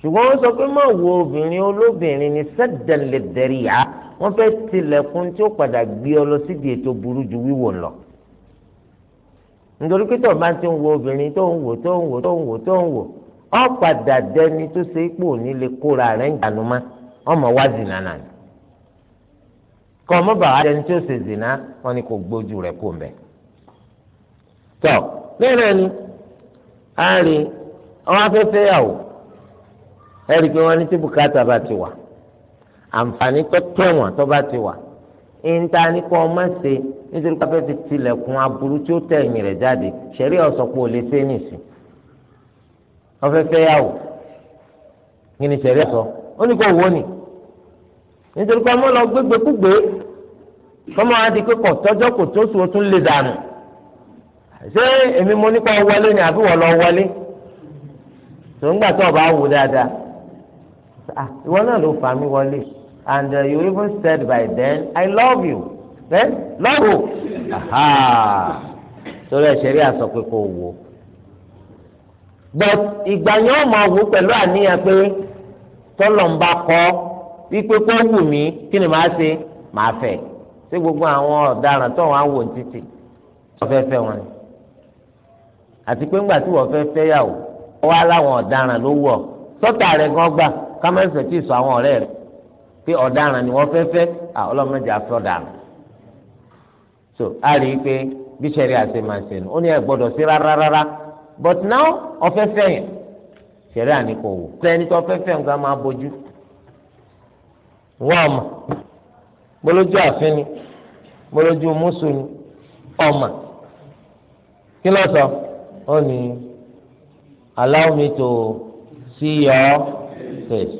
ṣùgbọ́n wọ́n sọ pé má wo obìnrin olóbìnrin ni saddan lid-dari'a wọ́n fẹ́ tilẹ̀kùn tí ó padà gbé ọ lọ síbi ètò burú ju wíwọ̀ lọ nítorí pé tó o bá ti ń wo obìnrin tó ń wò tó ń wò tó ń wò tó ń wò ọ padà dẹni tó ṣe ipò nílé kóra rẹ̀ ń jànú má ọmọ wá zìnà ni kọ́ ọmọ bàbá dẹni tó ṣe zìnà wọn ni kò gbójú rẹ̀ kó mbẹ́. tọ́ lẹ́rẹ̀ ni a rí ọmọ afẹ́fẹ́ yà wò ẹ̀rí pé wọ́n ní tí bùkátà bá ti wà àǹfààní tó tẹ̀wọ̀n tó bá ti wà ìta ni kò má ṣe nítorí pé ti tilẹ̀kùn aburú tí ó tẹ̀yìn rẹ̀ jáde ṣẹ̀rí ọ̀sọ̀pọ̀ ò lè ṣe é nìsín ọ̀fẹ́fẹ́ yà wò kí ni ṣẹ̀rí ọ̀sọ̀ ó ní kò wò ni nítorí pé ọmọ lọ gbégbé kúgbé kọ́mọ á di pé kò tọ́jọ́ kò tó sùn ó tún lè dànù ṣé èmi mo nípa wọlé ni àbí wọ́n lọ wọlé tòun gbà tó ọba wò dáadáa ah, ìwọ náà ló fà mí wọlé and uh, you even said by then I love you then love you aha torí ẹ ṣẹlẹ àsọ pé kò wò but ìgbà yẹn ọmọ wò pẹ̀lú àníyàn pé tọlọ ń bá kọ wípé kó wù mí kí ni màá ṣe màá fẹ́ ṣé gbogbo àwọn ọ̀daràn tó wọn á wò títì wọ́n fẹ́ fẹ́ wọn àti pé ńgbà tí wọ́n fẹ́ fẹ́ yà wò wọ́n á láwọn ọ̀daràn ló wọ̀ sọ́tà rẹ̀ gan gbà kámẹ́sì tí ì sọ àwọn ọ̀rẹ́ rẹ̀ pé ọ̀daràn ni wọ́n fẹ́fẹ́ à ọlọ́mọdé àsọdànù so a rí i pé bí sẹ́rí àti màá ṣe nù ó ní ẹ gbọ́dọ̀ sí rárá rárá but now ọ̀fẹ́fẹ́ yẹn sẹ́rí àní kò wò sẹ́ni tó fẹ́fẹ́ nǹkan máa bójú wọ́n ọmọ gbólójú àfin ni gbólójú mùsùn ni ọmọ kí ló sọ ó ní allow me to see your face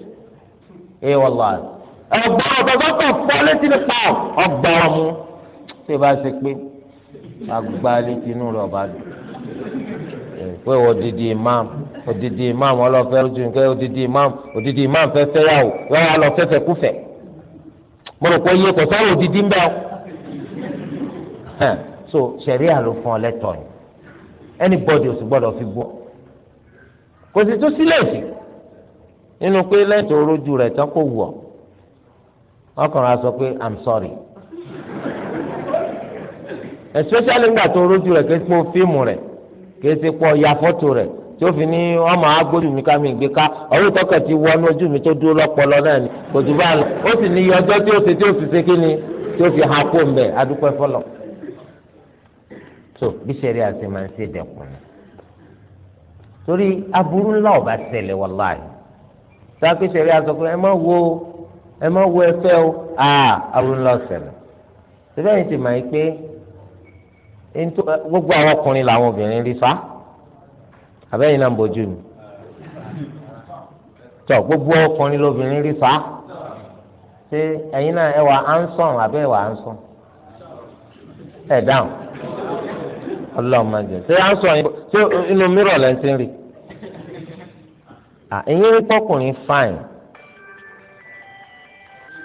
ẹ wọ́n lọ́wọ́ ọgbà ọgbà kan fọ létí ní pa ọgbà ọmú tí bá ṣe pé agbá létí inú rẹ ọba dùn pé odidi imam odidi imam ọlọfẹ lójú nǹkan odidi imam odidi imam fẹ́ fẹ́yàwó yọọ wà lọ fẹfẹ kúfẹ mo rò pé iye kò sọ̀rọ̀ odidi ń bẹ ọ so sẹrí àlòfún ọlẹtọ ni anybody ò sì gbọ́dọ̀ fi gbọ́ kò sì tún sílẹ̀ sí nínú pé lẹ́tọ̀ọ́ rojú rẹ̀ tán kò wù ọ́. wọ́n a á sọ pé i'm sorry especially nígbà tó rójú rẹ̀ kí re. fíìmù rẹ̀ kí ó ti pọ̀ ya tó fi ní ọmọ agbójú mi ká mi gbé ká ọ̀rọ̀ ìtọ́kẹ̀ ti wọnú ojú mi tó dúró náà ni kò jù bá lọ ó sì ní iye tí ó fi ṣe kí ni tí fi ha kó ń bẹ̀ adúpẹ́ fọlọ̀ tó bí sẹ́rí àti máa ń ṣe dẹ̀kun torí aburú ńlá ọba ṣẹlẹ̀ sáà sẹ́rí pé ẹ ẹ má wọ ẹfẹ́ o aa aburú ńlá ọ̀sẹ̀lẹ̀ síbẹ̀ yìí ti mọ̀ yìí pé gbogbo àwọn ọkùnrin làwọn obìnrin rí fa àbẹ́yìn náà ń bójú mi tọ gbogbo ọkùnrin lóbìnrin rí fa ṣé ẹ̀yin náà ẹ wà ánsọ̀n àbẹ́ ẹ wà ánsọ̀n ẹ dáhùn ọlọ́mọdé ṣé ánsọ̀n yìí ṣé inú mìíràn lẹ́ńtì rí ẹ̀yin rí pọ́kùnrin fáìn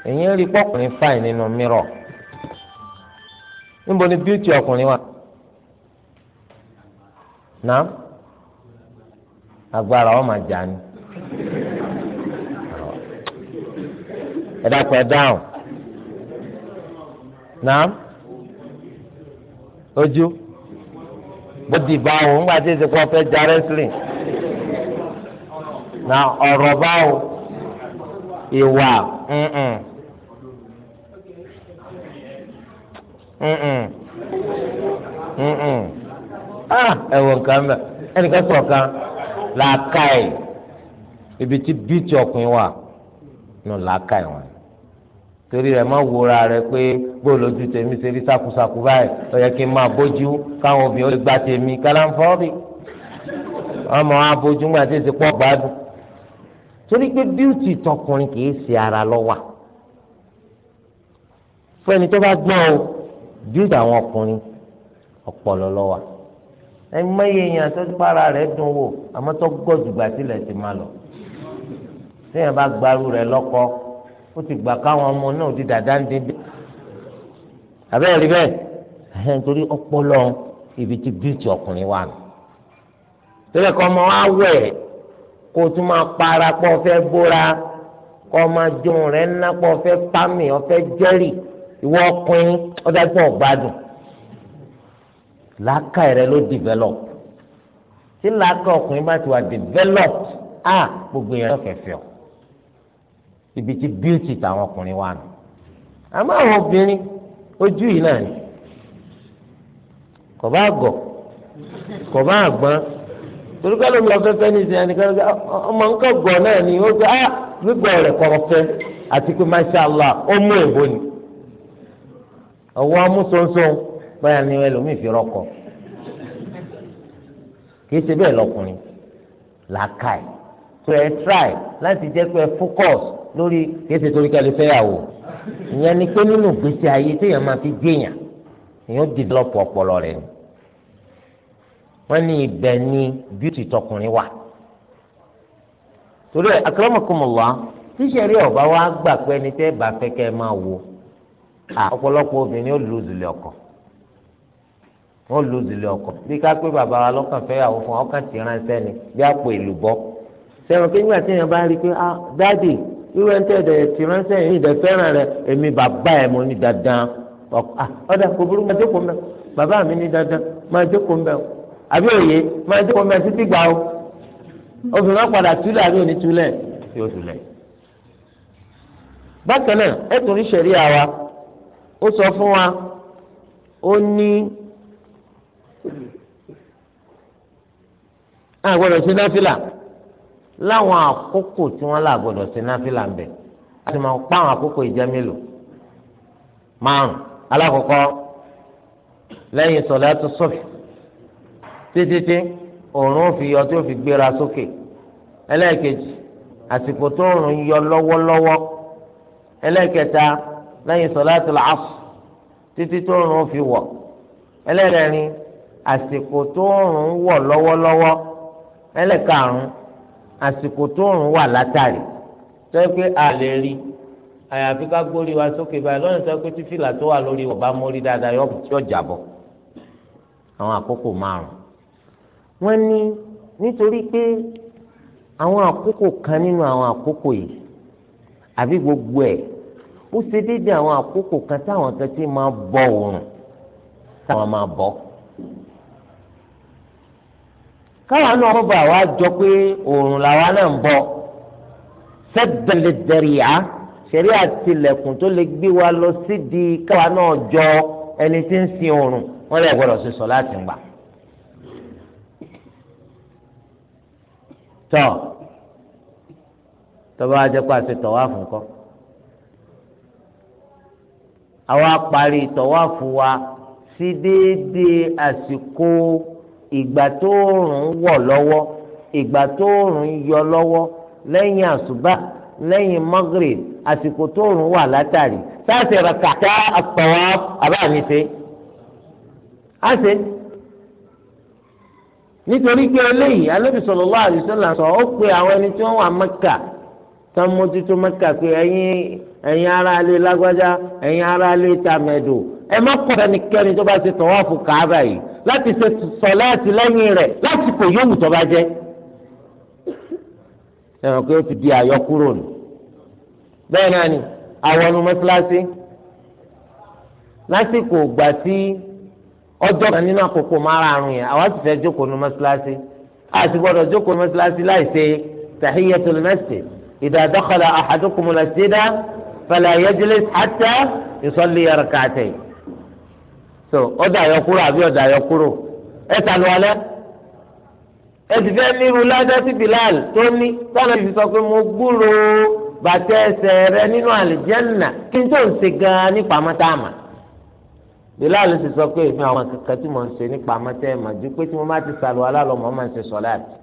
èyí rí pọkùnrin fáìn nínú mírọ níbo ni bíútì ọkùnrin wà náà agbára ọmọ àjà ni ẹ dákun ẹ dáhùn náà ojú bó di báwo ńgbà tí èsì kan fẹ́ ja wrestling na ọ̀rọ̀ báwo ìwà. Mm Ah, ẹ̀wọ̀n nǹkan bẹ̀ ẹnìkan sọ̀rọ̀ kan làákàyè ibi tí bíìtì ọkùnrin wà nù wọn torí rẹ̀ má wúra rẹ pé bóòlù tèmi ṣe rí sákúsákú báyìí ó yẹ kí n máa bójú káwọn obìnrin ó lè gba tèmi kálánfọ́ọ̀bì wọn mọ abojú ńgbà tí èsì pọ̀ gbádùn torí pé bíìtì tọkùnrin kì í ṣe ara lọ́wà fún ẹni tó bá júùdù àwọn ọkùnrin ọpọlọ lọwà ẹ mẹyẹ èèyàn tó para rẹ̀ dùn wò àmọ́ tó gọdùgbà tilẹ̀ ti máa lọ téèyàn bá gbaru rẹ̀ lọ́kọ ó ti gbà káwọn ọmọ náà di dàda ń dín dín abẹ́rẹ́ rí bẹ́ẹ̀ ẹ̀ nítorí ọpọlọ ibi tí bíìtì ọkùnrin wà nù tẹ́lẹ̀ kọ́ ọmọ wa wẹ̀ kó tún máa para pọ̀ fẹ́ bóra kọ́ ọmọ jòun rẹ̀ ńlá pọ̀ fẹ́ pámì ọ̀fẹ́ jẹ́rìí ìwọ ọkùnrin ọdá tó ọgbádùn làákà rẹ ló develop tí làákà ọkùnrin bá ti wà develop á gbogbo yẹn lọ́fẹ̀ẹ́ fẹ́ ọ ibi tí beauty tàwọn ọkùnrin wà nù àmọ́ àwọn obìnrin ojú yìí náà ni kò bá gọ̀ kò bá gbọ́n torí ká ló ń lọ fẹ́fẹ́ ní ìsìn ẹnìkan ọmọ nǹkan gọ̀ náà ni ó gbé ah gbígbọ̀ rẹ̀ kọ̀ ọ̀fẹ́ àti pé masha allah ó mú èbó ni ọwọ́ mú sọ́nsọ́n báyà ni ẹlòmíì fi rọkọ̀ kìí ṣe bẹ́ẹ̀ lọkùnrin làákàyè tó ẹ tíráì láti jẹ́ pé fókọ̀s lórí kìí ṣe torí kẹ́lẹ́ fẹ́yàwó ìyẹn ni pé nínú gbèsè ayé téèyàn máa fi gbéyàn èèyàn dìdọ́pù ọpọlọ rẹ̀ ni wọ́n ní ibẹ̀ ni bíútì tọkùnrin wà torí ẹ̀ akọ́lọ́mọkùnmọ̀lá tíṣẹ̀rí ọ̀bá wa gbà pé ẹni tẹ́ bá fẹ́ kẹ́ máa wò ó Ah. ọ̀pọ̀lọpọ̀ obìnrin ó lùzù lé ọkọ wọ́n lùzù lé ọkọ bí ká pé bàbá wa lọ́kàn fẹ́yàwó fún ọkàn ti ránṣẹ́ ni bí àpò ìlú bọ́ sẹ́wọ̀n pé nígbà tí èèyàn bá rí i pé ah dáàdì irú ẹni tẹ́ ẹ̀dẹ̀ ti ránṣẹ́ yìí ìdẹ fẹ́ràn rẹ èmi bàbá ẹ̀ mo ní dandan ah, ọ̀dà kò burú máa jókòó mẹ́ bàbá mi ní dandan máa jókòó mẹ́ o àbí òye máa jókòó mẹ́ títí gbà o obìnrin padà túlẹ̀ àbí òní túlẹ̀ yóò túlẹ̀. bákan náà ẹ̀ tún ní ṣẹ̀ríà wa ó sọ fún wa ó ní a gbọ́dọ̀ sí náfìlà láwọn àkókò tí wọ́n là gbọ́dọ̀ sí náfìlà ń bẹ láti máa pa àwọn àkókò ìjẹ mélòó márùn alákọọkọ lẹ́yìn sọlátù sọfì títí òòrùn fi yọ tí ó fi gbéra sókè ẹlẹ́ẹ̀kejì àsìkò tó òòrùn yọ lọ́wọ́lọ́wọ́ ẹlẹ́ẹ̀kẹta lẹ́yìn sọ̀láàtì làásù títí tó rùn fi wọ̀ ẹlẹ́rẹ̀ẹ́rin àsìkò tó rùn wọ̀ lọ́wọ́lọ́wọ́ ẹlẹ́karùn àsìkò tó rùn wà látàrí tó yẹ pé a lè rí àyàfi ká gbórí wa sókè báyìí lọ́nà tó yẹ pé tí fìlà tó wà lórí wọ̀ bá mórí dáadáa yọ jàbọ̀ àwọn àkókò márùn wọ́n ní nítorí pé àwọn àkókò kan nínú àwọn àkókò yìí àbí gbogbo ẹ̀ ó ṣe déédéé àwọn àkókò kan táwọn kan ti máa bọ òòrùn táwọn máa bọ. káwa náà rọ́bà wa jọ pé òòrùn làwa náà ń bọ sẹ́dẹ̀lẹ̀ dẹ̀ríà ṣẹ̀rí àtìlẹ̀kùn tó lè gbé wa lọ sídìí káwa náà jọ ẹni tí ń sin òòrùn wọ́n lè gbọ́dọ̀ ṣe sọ láti ń gbà. tọ́ tọ́ba ajẹ́pọ̀ àti tọ́wá fún kọ́ àwa parí tọ̀wáfù wa sí déédéé àsìkò ìgbà tóòrùn wọ̀ lọ́wọ́ ìgbà tóòrùn yọ lọ́wọ́ lẹ́yìn àṣùbà lẹ́yìn magrib àsìkò tóòrùn wà látàrí sáàsì rakata at-tawaf àbáàmì ṣe á ṣe nítorí pé eléyìí Ànábì sallallahu alaihi wasallam ó pe àwọn ẹni tí wọ́n wà Mẹ́kà tán mójútó Mẹ́kà pé ẹ̀yin ẹ̀yin ará ilé lágbájá ẹ̀yin ará ilé tàmẹ̀dò ẹ má kọ́ ẹnikẹ́ni tó bá ṣe tọ̀wáfù Káàbà yìí láti ṣe sọ̀láàtì lẹ́yìn rẹ̀ lásìkò yóò tó bá jẹ́ ẹ̀rọ pé ó ti di àyọkúrò nù bẹ́ẹ̀ náà ni àwọn ọmọ mọ́sálásí lásìkò ìgbà tí ọjọ́ kan nínú àkókò márààrún yẹn àwa sì fẹ́ jókòó nu mọ́sálásí a sì jókòó nu mọ́sálásí láì ṣe tahiyyatul masjid idha dakhala ahadukumul masjida fala yajlis hatta yusalli rak'atayn so ọ̀dà yọkúrò àbí ọ̀dà yọkúrò ẹ sànù alẹ́ ẹ ti fẹ́ nírú ládàtì Bilal tó ní sọ́nà ti sọ pé mo gbúrò bàtẹ ẹsẹ̀ rẹ nínú àlìjẹ́nà kí n tó ń ṣe gan-an nípa amátàmà Bilal ti sọ pé èmi àwọn kankan tí mo ń ṣe nípa amátàmà ju pé tí mo bá ti sàlù alá lọ mọ́ máa ń ṣe sọ́láàtì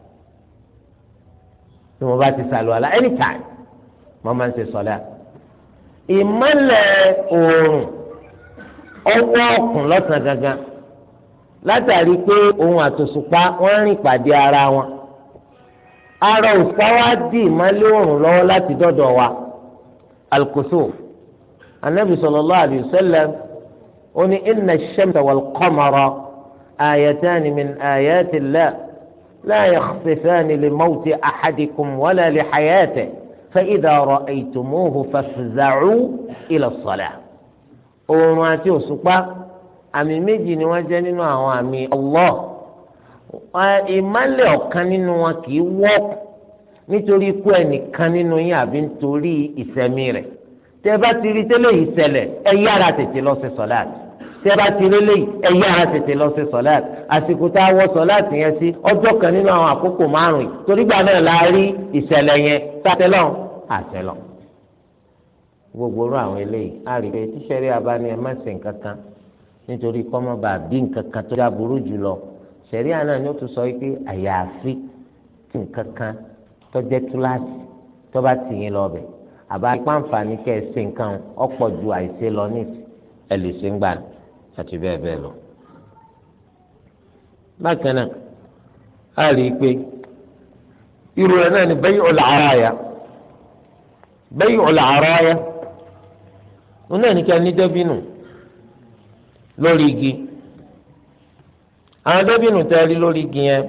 tí mo bá ti sàlù alá anytime mo máa ń ṣe sọ́láàtì ìmọ̀lẹ̀ oòrùn ọwọ́ ọ̀kùn lọ́sàn-án gangan látàrí pé òun àtòṣùpá wọ́n rìn pàdé ara wọn ara òṣùpá wa dì ìmọ̀lẹ̀ oòrùn lọ́wọ́ láti dọ́dọ̀ wa alkoso anabi sallallahu alayhi wa sallam ó ní inna ash-shamsa wal-qamara min ayati Allah la yakhsifani li mawti ahadikum wala li فإذا رأيتموه فافزعوا إلى الصلاة oorun àti òṣùpá àmì méjì ni wọ́n jẹ́ nínú àwọn àmì Allah ìmálẹ̀ ọ̀kan nínú wọn kì í wọ́ nítorí ikú ẹnìkan nínú yín àbí nítorí ìsẹ̀mí rẹ̀ tẹ́ bá ti rí tẹ́lẹ̀ yìí ṣẹlẹ̀ ẹ yára tètè lọ sí sọ̀láàtì tẹ́ bá ti rí lẹ́yìn ẹ yára tètè lọ sí sọ̀láàtì àsìkò tá a wọ sọ̀láàtì yẹn sí ọjọ́ kan nínú àwọn àkókò márùn-ún torí gbà náà la rí ìṣẹ̀lẹ̀ yẹn tá a tẹ́lọ̀ àtẹlọ gbogbo rú àwọn eléyìí á rí i pé tíṣẹ́rí abáni ẹ má ṣe nǹkan kan nítorí kọ́mọ́ bá bí nǹkan kan tó dá burú jù lọ ṣẹ̀rí àná ni ó tún sọ pé àyàfi tí nǹkan kan tó túláàsì tó bá tì yín lọ bẹ̀ àbá ipá nfààní kẹ́ ẹ ṣe nǹkan ọ̀pọ̀ ju àìṣe lọ ní ẹ gbà àti bẹ́ẹ̀ bẹ́ẹ̀ lọ. bákan náà á rí i pé irú rẹ̀ náà ni bẹ́ẹ̀ ọ̀là ara yà bẹ́yì ọ̀là àárọ̀ ayá wọn náà ní kí a ní dẹ́bìnù lórí igi àwọn dẹ́bìnù tẹ́ rí lórí igi yẹn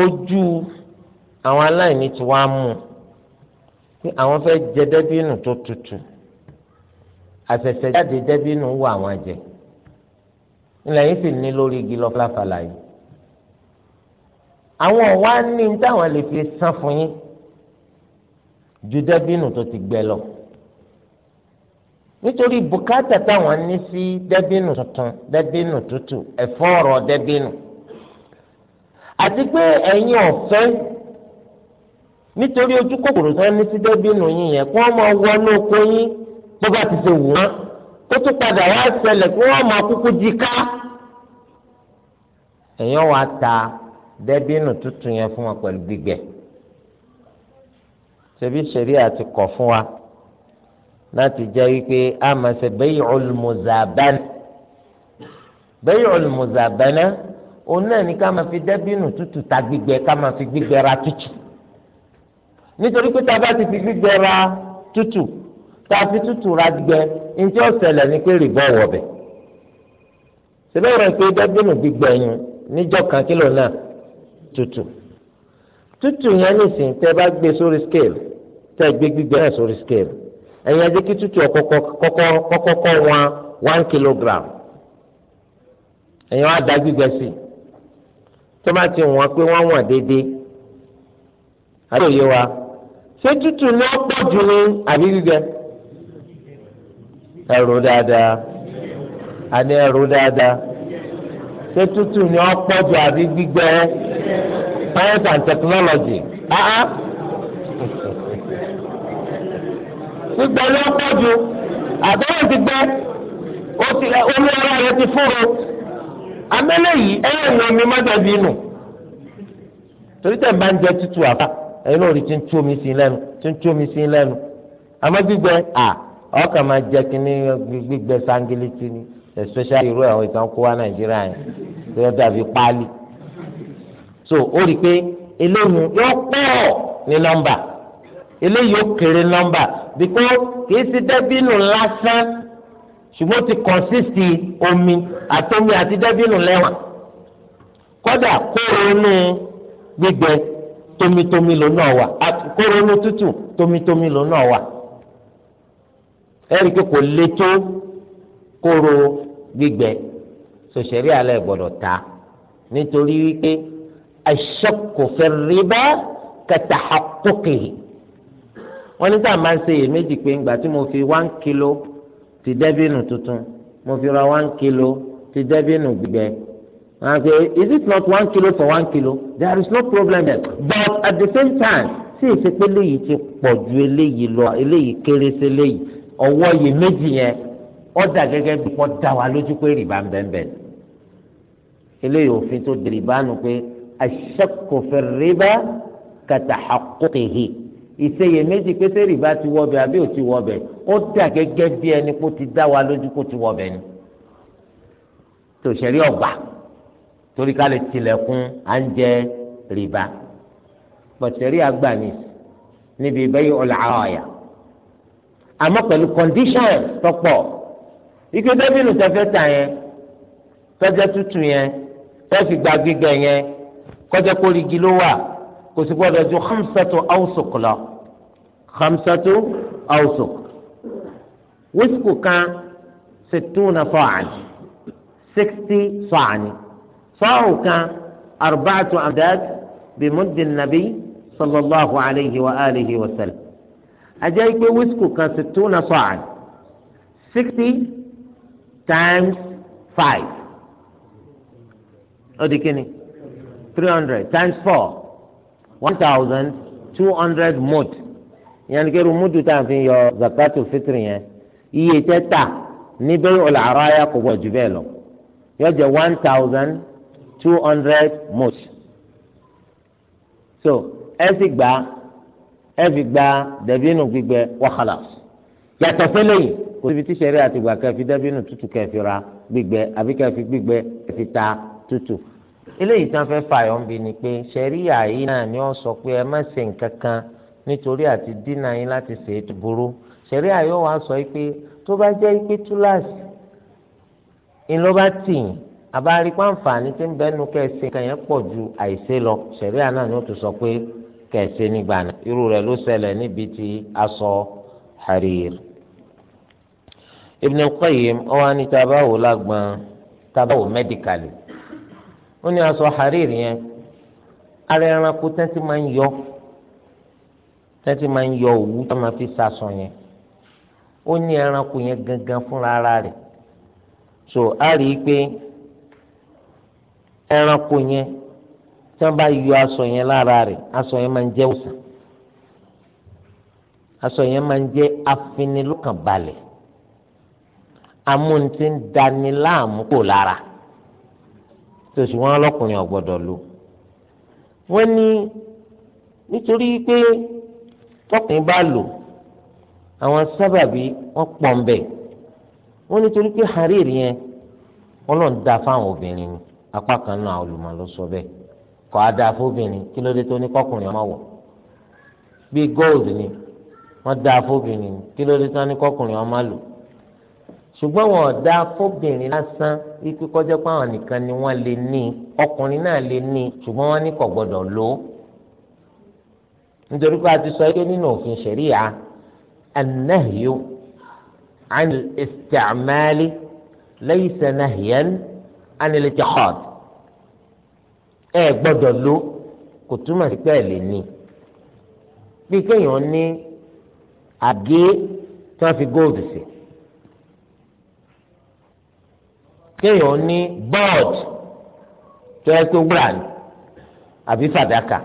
ojú àwọn aláìní ti wá mú pé àwọn fẹ́ jẹ dẹ́bìnù tó tutù àṣẹ̀ṣẹ̀ dẹ́bìnù wọ àwọn jẹ ilẹ̀ yìí sì ní lórí igi lọ́fàlàfàlà yìí àwọn ọ̀wá ní táwọn lè fi san fún yín ju dẹ́bínù tó ti gbẹ lọ nítorí bùkátà táwọn ní sí dẹ́bínù tuntun dẹ́bínù tútù ẹ̀fọ́ ọ̀rọ̀ dẹ́bínù àti pé ẹ̀yin ọ̀fẹ́ nítorí ojú kòkòrò tó ní sí dẹ́bínù yín yẹn kí wọ́n máa wọnú oko yín tó bá ti ṣe wù wọ́n kó tó padà wá ṣẹlẹ̀ kí wọ́n máa kúkú jí ká ẹ̀yin wá ta dẹ́bínù tútù yẹn fún wọn pẹ̀lú gbígbẹ ṣebí ṣẹ̀ríà ti kọ̀ fún wa láti jẹ́ wípé a máa ṣe bay'ul muzabana bay'ul muzabana òun náà ní ká máa fi dẹ́bínù tútù ta gbígbẹ ká máa fi gbígbẹ ra tútù nítorí pé tá a bá ti fi gbígbẹ ra tútù tá fi tútù ra gbígbẹ ntí ó ṣẹlẹ̀ pé rìbọ̀ wọ̀ bẹ̀ ṣẹbẹ́ pé dẹ́bínù gbígbẹ yẹn níjọ́ kan kílò náà tútù tútù yẹn nìsín tẹ bá gbé sórí scale tẹ gbé gbígbẹ náà sórí scale ẹ̀yin ajé kí tútù ọ̀kọ́kọ́ wọn one kilogram ẹ̀yin wọn á da gbígbẹ sí tó bá ti wọ́n pé wọ́n wọ̀n déédéé àti òye wa ṣé tútù ní ọ̀pọ̀ jù ní àbí gbígbẹ ẹ̀rù dáadáa àní ẹ̀rù dáadáa ṣé tútù ní ọ̀pọ̀ jù àbí gbígbẹ science and technology ah gbígbẹ́ ló pọ̀ jù àbẹ̀wò ti gbẹ́ omi ara rẹ ti fúnro amẹ́lẹ̀ yìí ẹ̀yẹ̀ ní omi mọ́tàbí nù torí tẹ̀ máa ń jẹ tútù àbá ẹ̀yin náà rí tí ń tú omi sí lẹ́nu tí ń tú omi sí lẹ́nu àmọ́ gbígbẹ à ọkàn máa jẹ kínní gbígbẹ sangilitì ni especially irú àwọn ìtàn kó wá Nàìjíríà yẹn tí wọ́n dàbí páálí so ó rí i pé eléyìí yóò pọ̀ ní nọ́mbà eléyìí yóò kéré nọ́mbà bíkọ́ kìí ṣe dẹ́bínú lásán ṣùgbọ́n ti kọ́nsìsì omi àtomi àti dẹ́bínú lẹ́wọ̀n kọ́dà kóronú gbígbẹ tomitomi ló náà wà kóronú tútù tomitomi ló náà wà ẹ̀rí pé kò le tó kóró gbígbẹ sòṣèré alẹ́ gbọ́dọ̀ ta nítorí wípé. So, aṣọ́kù fẹ́rẹ́bá kẹta àkókè wọ́n ní sáà máa ń ṣe iyèméjì pé ńgbà tí mo fi one kilo ti dẹ́bìnù tuntun mo fi ra one kilo ti dẹ́bìnù gbígbẹ and say is it not one kilo for one kilo there is no problem there but at the same time sí ìsepé léyìí ti pọ̀ ju eléyìí lọ eléyìí kéré sí eléyìí ọwọ́ yìí méjì yẹn ọ̀dà gẹ́gẹ́ bí wọ́n dá wa lójú pé rìbá ń bẹ́ẹ̀ bẹ́ẹ̀ eléyìí òfin tó dèrè bá nu pé aṣakku fi rìbá katahaqquqihi ìṣeyèméjì pé ṣé rìbá ti wọbẹ̀ àbí ò ti wọbẹ̀ ó dà gẹ́gẹ́ bí ẹni kó ti dá wa lójú kó ti wọbẹ̀ ni tòṣẹ̀rí ọ̀gbà torí ká lè tilẹ̀kùn à ń jẹ rìbá pọ̀ṣẹ̀rí àgbà níbi bẹ́ẹ̀ ọ̀làrọ̀ ọ̀yà àmọ́ pẹ̀lú condition tọ́pọ̀ ike dẹ́bìnú tà yẹn tọ́jẹ́ tútù yẹn tẹ́fì gba yẹn kọjá kórìgì ló wà kò sì gbọdọ̀ ju hamsatu awusuk lọ hamsatu awusuk wíṣíkù kan situna sa'an sixty sa'ani sa'u kan arba'atu amdad bimuddi nabi sallallahu alayhi wa alihi wa sallam ajá ikpe wíṣíkù kan situna sa'an sixty times five ó di 300 times 4, 1,200 thousand two hundred mut ìyẹn ni kí rumudu tá à ń fi yọ zakatu fitiri yẹn iye tẹ ta ní bẹ́ẹ̀ kò gbọ́dọ̀ jù bẹ́ẹ̀ lọ yọ jẹ one thousand so ẹ sì gbà ẹ fi gba dẹbínú gbígbẹ wàhálà yàtọ̀ fẹ́lẹ́ yìí kò síbi tíṣẹ̀rí àtìgbà kẹfì dẹbínú tútù kẹfì ra gbígbẹ àbí kẹfì gbígbẹ kẹfì ta tútù eléyìí tí wọ́n fẹ́ fààyàn bí ni pé ṣẹ̀ríyà yìí náà ni wọ́n sọ pé ẹ má ṣe nǹkan kan nítorí àti dínà yín láti ṣe é burú ṣẹ̀ríyà yóò wá sọ pé tó bá jẹ́ pé túláàsì ńlọ bá tì yín àbárí pàǹfààní tí ń bẹ́nu kẹ̀sìn kan yẹn pọ̀ ju àìṣe lọ ṣẹ̀ríyà náà ni ó tún sọ pé kẹ̀sìn nígbà náà irú rẹ̀ ló ṣẹlẹ̀ níbi tí aṣọ harir. Ibn al-Qayyim ọwọ́ ní tabawo lágbọ́n tabawo mẹ́díkàlì ó ní aṣọ harir yẹn ara ẹranko tẹ́tí máa ń yọ tẹ́tí máa ń yọ òwú tó máa fi sasọ yẹn ó ní ẹranko yẹn gangan fúnra ara rẹ̀ so a rí i pé ẹranko yẹn tí wọ́n bá yọ aṣọ yẹn lára rẹ̀ aṣọ yẹn máa ń jẹ́ òsàn aṣọ yẹn máa ń jẹ́ afinilọ́kànbalẹ̀ amúntí ń dani láàmú kò lára tó ṣùgbọ́n ọlọ́kùnrin ọ̀gbọ́dọ̀ lò wọ́n ní nítorí pé tọkùnrin bá lò àwọn sábàbí wọ́n pọ̀ ń bẹ̀ wọ́n nítorí pé hariri yẹn wọ́n lọ́n da fáwọn obìnrin ni apá kan náà olùmọ̀ ló sọ bẹ́ẹ̀ kọ́ á da fóbìnrin kí ló dé tó ní kọkùnrin ọmọ wọ̀ bíi gold ni wọ́n da fóbìnrin kí ló dé tó ní kọkùnrin ọmọ lò ṣùgbọ́n wọn ò fóbìnrin lásán. ikú kọjá pé àwọn nìkan ni wọn lè ní ọkùnrin náà lè ní ṣùgbọ́n wọ́n ní kò gbọdọ lò ó nítorí pé a ti sọ pé nínú òfin ṣẹ̀ríyà an-nahyu an al-isti'mal laysa ẹ lò kò túmọ̀ sí pé ẹ lè ní kéèyàn ní àgé tí kéèyàn ní bọ́ọ̀d tó yẹ pé wúrà ni àbí fàdákà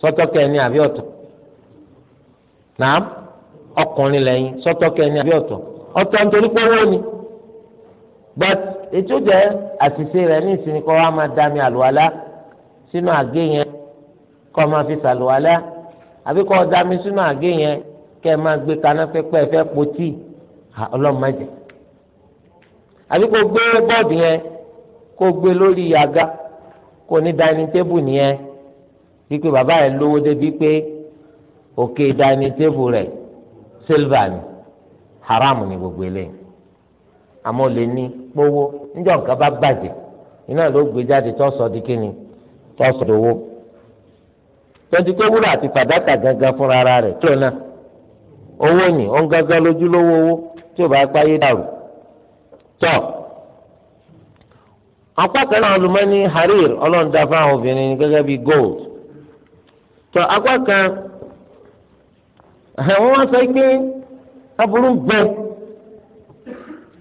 sọ́tọ́kẹ́ ni àbí ọ̀tọ̀ ọkùnrin lẹ́yìn sọ́tọ́kẹ́ ni àbí ọ̀tọ̀ ọ̀tọ̀ nítorí ni but ètò jẹ́ àṣìṣe rẹ̀ ní ìsinmi kọ́ wa máa àlùwalá sínú àgé yẹn kọ́ máa fi sàlùwalá àbí kọ́ sínú àgé yẹn kẹ́ ẹ máa gbé kaná fẹ́ pẹ́ fẹ́ àbí kò gbé bọ́ọ̀dù yẹn kò gbé lórí àga kò ní dining table nìyẹn wípé bàbá rẹ̀ lówó débi pé òkè dining table haram ni gbogbo eléyìí àmọ́ lè ní kpówó níjọ́ nǹkan bá bàjẹ́ iná ló gbé jáde tó di kíni tọ́jú àti fúnra rẹ̀ tó náà owó ni òun owó tọ́ apákan náà olùmọ́ni harir ọlọ́run fáwọn obìnrin gẹ́gẹ́ bíi gold tọ́ akwaka àwọn wọn sọ pé aburú gbẹ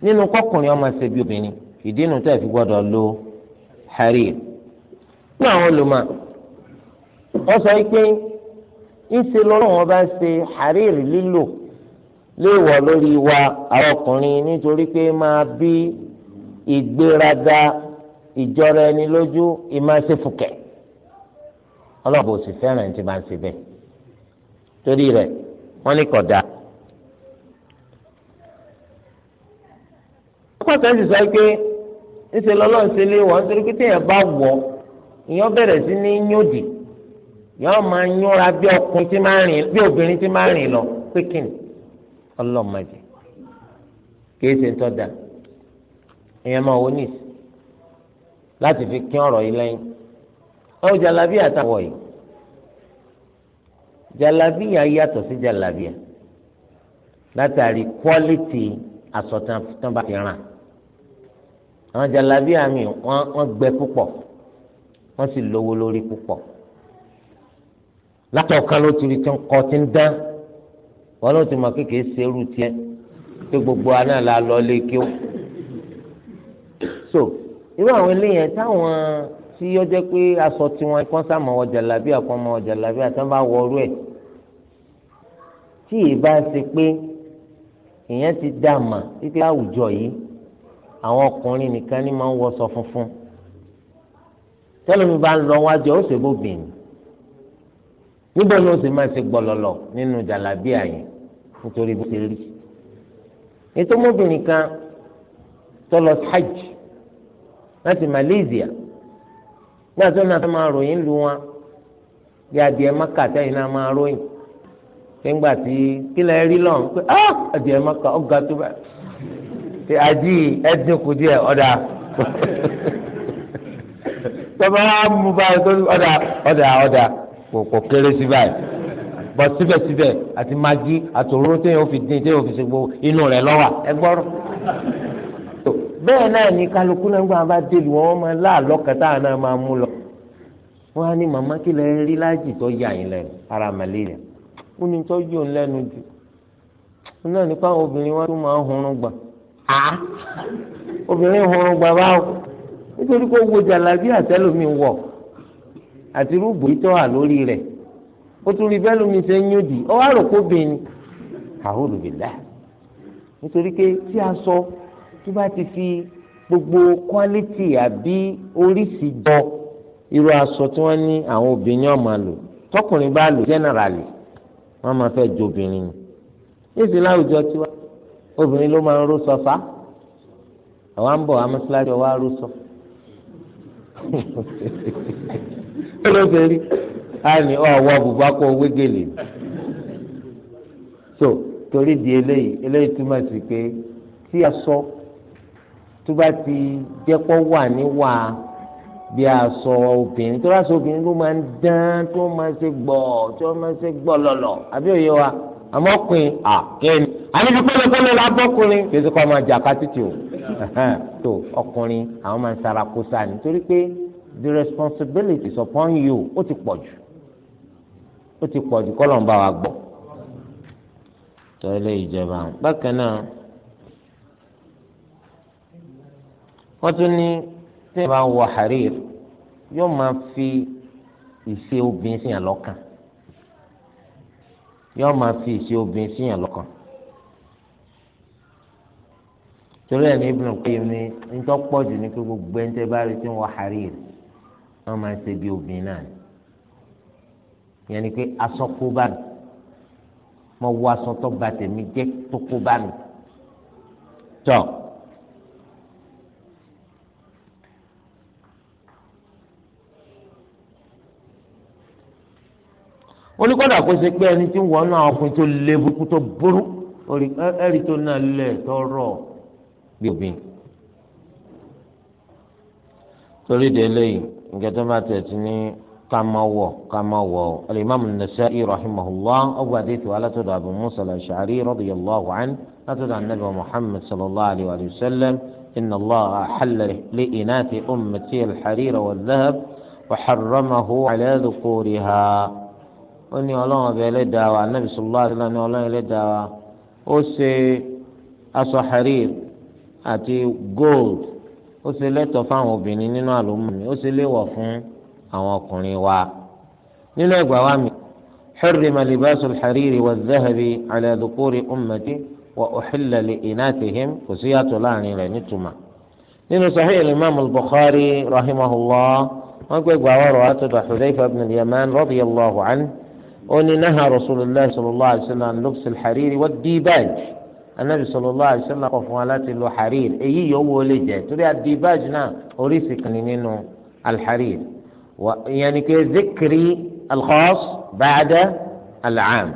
nínú kọkùnrin ọmọ ẹsẹ bíi obìnrin ìdí inú tẹ̀ lo harir ní àwọn olùmọ̀ wọ́n sọ pé ńṣe lọ́rùn wọn bá harir lílò. léèwọ̀ lórí wa àwọn ọkùnrin nítorí pé máa bí ìgbéraga ìjọra ẹni lójú ìmáṣẹ́fùkẹ̀ ọlọ́ọ̀bù sì fẹ́ràn tí máa ń ṣe bẹ́ẹ̀ torí rẹ̀ wọ́n ní kódà. ọkọ̀tà sì sọ pé ńṣe lọ́lọ́run ṣe lé wọ́n nítorí pé téèyàn bá wọ̀ ìyẹn bẹ̀rẹ̀ sí ní yọ́n máa bí ọkùnrin tí máa rìn bí obìnrin tí máa rìn lọ pé ọlọ́mọdé kìí ṣe tọ́ da ìyẹn máa wọ níìsì láti fi kín ọ̀rọ̀ yìí lẹ́yìn ọ̀hún jalabiya àtàwọ̀ yìí jalabiya yàtọ̀ sí jalabiya látàrí quality asọ̀tàn tó bá fi ràn àwọn jalabiya mi wọ́n gbẹ púpọ̀ wọ́n sì lówó lórí púpọ̀ látọ̀ kan ló ti rí tí ń kọ́ tí ń dán wọn náà ti mọ kékeré serú tiẹ̀ pé gbogbo aná la lọ lé kí ó so irú àwọn eléyẹn táwọn tí yọ jẹ pé aṣọ tiwọn kán sàmọ ọjà làbí àkọmọ ọjà làbí àtàn bá wọrú ẹ tí ì bá ṣe pé ìyẹn ti dá mà títí láwùjọ yìí àwọn ọkùnrin nìkan ni máa ń wọṣọ funfun tẹlifí bá ń lọ wájú ó ṣe bóbìnrin níbo ni ó sì máa ṣe gbọlọlọ nínú jàlábíà yẹn nítorí bó ṣe rí ètò ọmọbìnrin kan tó hajj láti Malaysia ní àti ọ̀nà tó máa ròyìn lu wọn bí adìẹ maka tẹ́yìn náà máa ròyìn nígbà tí kílẹ̀ rí lọ́n pé ah, adìẹ maka ọ̀gá tó bá ṣe àdí ẹ̀dín kù díẹ̀ ọ̀dà bọ̀ síbẹ̀síbẹ̀ àti magi àtòróró téèyàn fi dín téèyàn fi ṣe inu inú rẹ̀ lọ́wà ẹ gbọ́rọ̀. bẹ́ẹ̀ ni kálukú náà bá dé lu wọn máa láàlọ́ kẹta lọ. wọ́n á ní màmá kí lẹ rí láàjì tó yà yín lẹ́nu ara màlẹ́rìà ó ní tó yọ̀ lẹ́nu jù náà nípa obìnrin wọn máa gbà obìnrin gbà báwo nítorí wọ̀ yìí tó wà lórí ó tún rí bẹ́ẹ̀ lómi ṣe ń yóòdì ó wá rò kó bẹ́ẹ̀ ni àhóòdù bìlá nítorí pé tí a sọ tó bá ti fi gbogbo quality àbí oríṣìí jọ irú aṣọ tí wọ́n ní àwọn obìnrin ọmọ lò tọkùnrin bá lò generally wọ́n máa fẹ́ ju obìnrin ni ní ìsìn láwùjọ tiwa obìnrin ló máa ń ró sọfá àwọn à ń bọ̀ ọwọ́ àrùsọ. á ní ọwọ́ bùbá kó wégele so torí di eléyìí eléyìí túmọ̀ sí pé tí a sọ tó bá ti jẹ́pọ̀ wà níwà bí a sọ obìnrin tó bá sọ obìnrin ló máa ń dán tó máa ṣe gbọ̀ tó máa ṣe gbọ̀ lọ̀lọ̀ àbí òye wa àmọ́ pin àkẹ́ni àníbi pẹ́lẹ́pẹ́lẹ́ la bọ́kùnrin kì í sọ kọ́ máa jà kátìtì o tó ọkùnrin àwọn máa ń sara kó sáà nítorí pé the responsibility is upon you ó ti pọ̀ jù ó ti pọ̀ jù kọ́lọ̀ ń bá wa gbọ́ tọ́lẹ̀ ìjọba bákan náà wọ́n tún ní tí wọ́n bá ń wọ harir yóò máa fi ìṣe obìnrin sí yàn yóò máa fi ìṣe obìnrin sí yàn torí ẹni Ibn Qayyim ni ń tọ́ pọ̀ jù ní pé gbogbo ẹni tẹ́ bá rí tí wọ́n harir wọ́n máa ṣe bí obìnrin náà ìyẹn ni pé aṣọ kó bá mi mo wọ aṣọ tó ba tèmi jẹ́ tó kó bá mi tọ. oníkọ́dà kó ṣe pé ẹni tí ń wọ́n náà ọkùnrin tó lé burúkú tó burú ẹ̀rí tó náà lẹ̀ tọrọ bí obìnrin torí de lẹ́yìn nǹkan tó bá tẹ̀ sí ní kama wọ kama wọ alimami nasa'i rahimahullah ọgbà dẹ́tù alátọ́dọ̀ abu musa al-ashari radiyallahu an látọ́dọ̀ anabi muhammad sallallahu alayhi wa sallam inna allah xalla li inaati ummati alxariira wadahab waxaramahu calaa dukuriha ó ní ọlọ́run ọbẹ̀ ẹlẹ́dàá wa anabi sallallahu alayhi wa sallam ní ọlọ́run ẹlẹ́dàá wa ó xariir àti gold ó ṣe lẹ́tọ̀ fáwọn obìnrin nínú àlùmọ́ mi ó ṣe àwọn ọkùnrin wa nínú ẹgbàá wa mi حرم لباس الحرير والذهب على ذكور أمتي وأحل لإناثهم كسيات لاني لنتما من صحيح الإمام البخاري رحمه الله وقال ورواتب حذيفة بن اليمان رضي الله عنه أن نهى رسول الله صلى الله عليه وسلم عن لبس الحرير والديباج النبي صلى الله عليه وسلم قف ولات له حرير أي يوم ولد تري الديباج نا أريسك منه الحرير يعني كذكر الخاص بعد العام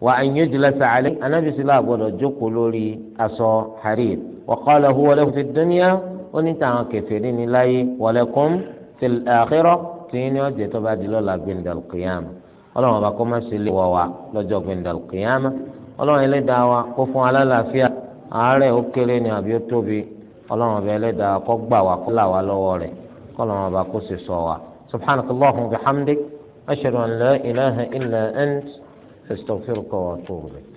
وأن يجلس عليه أنا بسلا برجوك لوري أصو حرير وقال هو له في الدنيا ونتعا كثيرين إليه ولكم في الآخرة تين وجدت بعد لولا عند القيامة ọlọ́run بكم kọ́ ووا ṣe lé wọ̀ wá lọ́jọ́ دعوة kìyàmá على ẹlẹ́dàá wa kó fún alálàáfíà àárẹ̀ ó دعوة ni àbí ó tóbi kọ́lọ́ wọn bá kó sì sọ wa subhanak allahumma bihamdik ashhadu an la ilaha illa ant astaghfiruka wa atubu ilayk.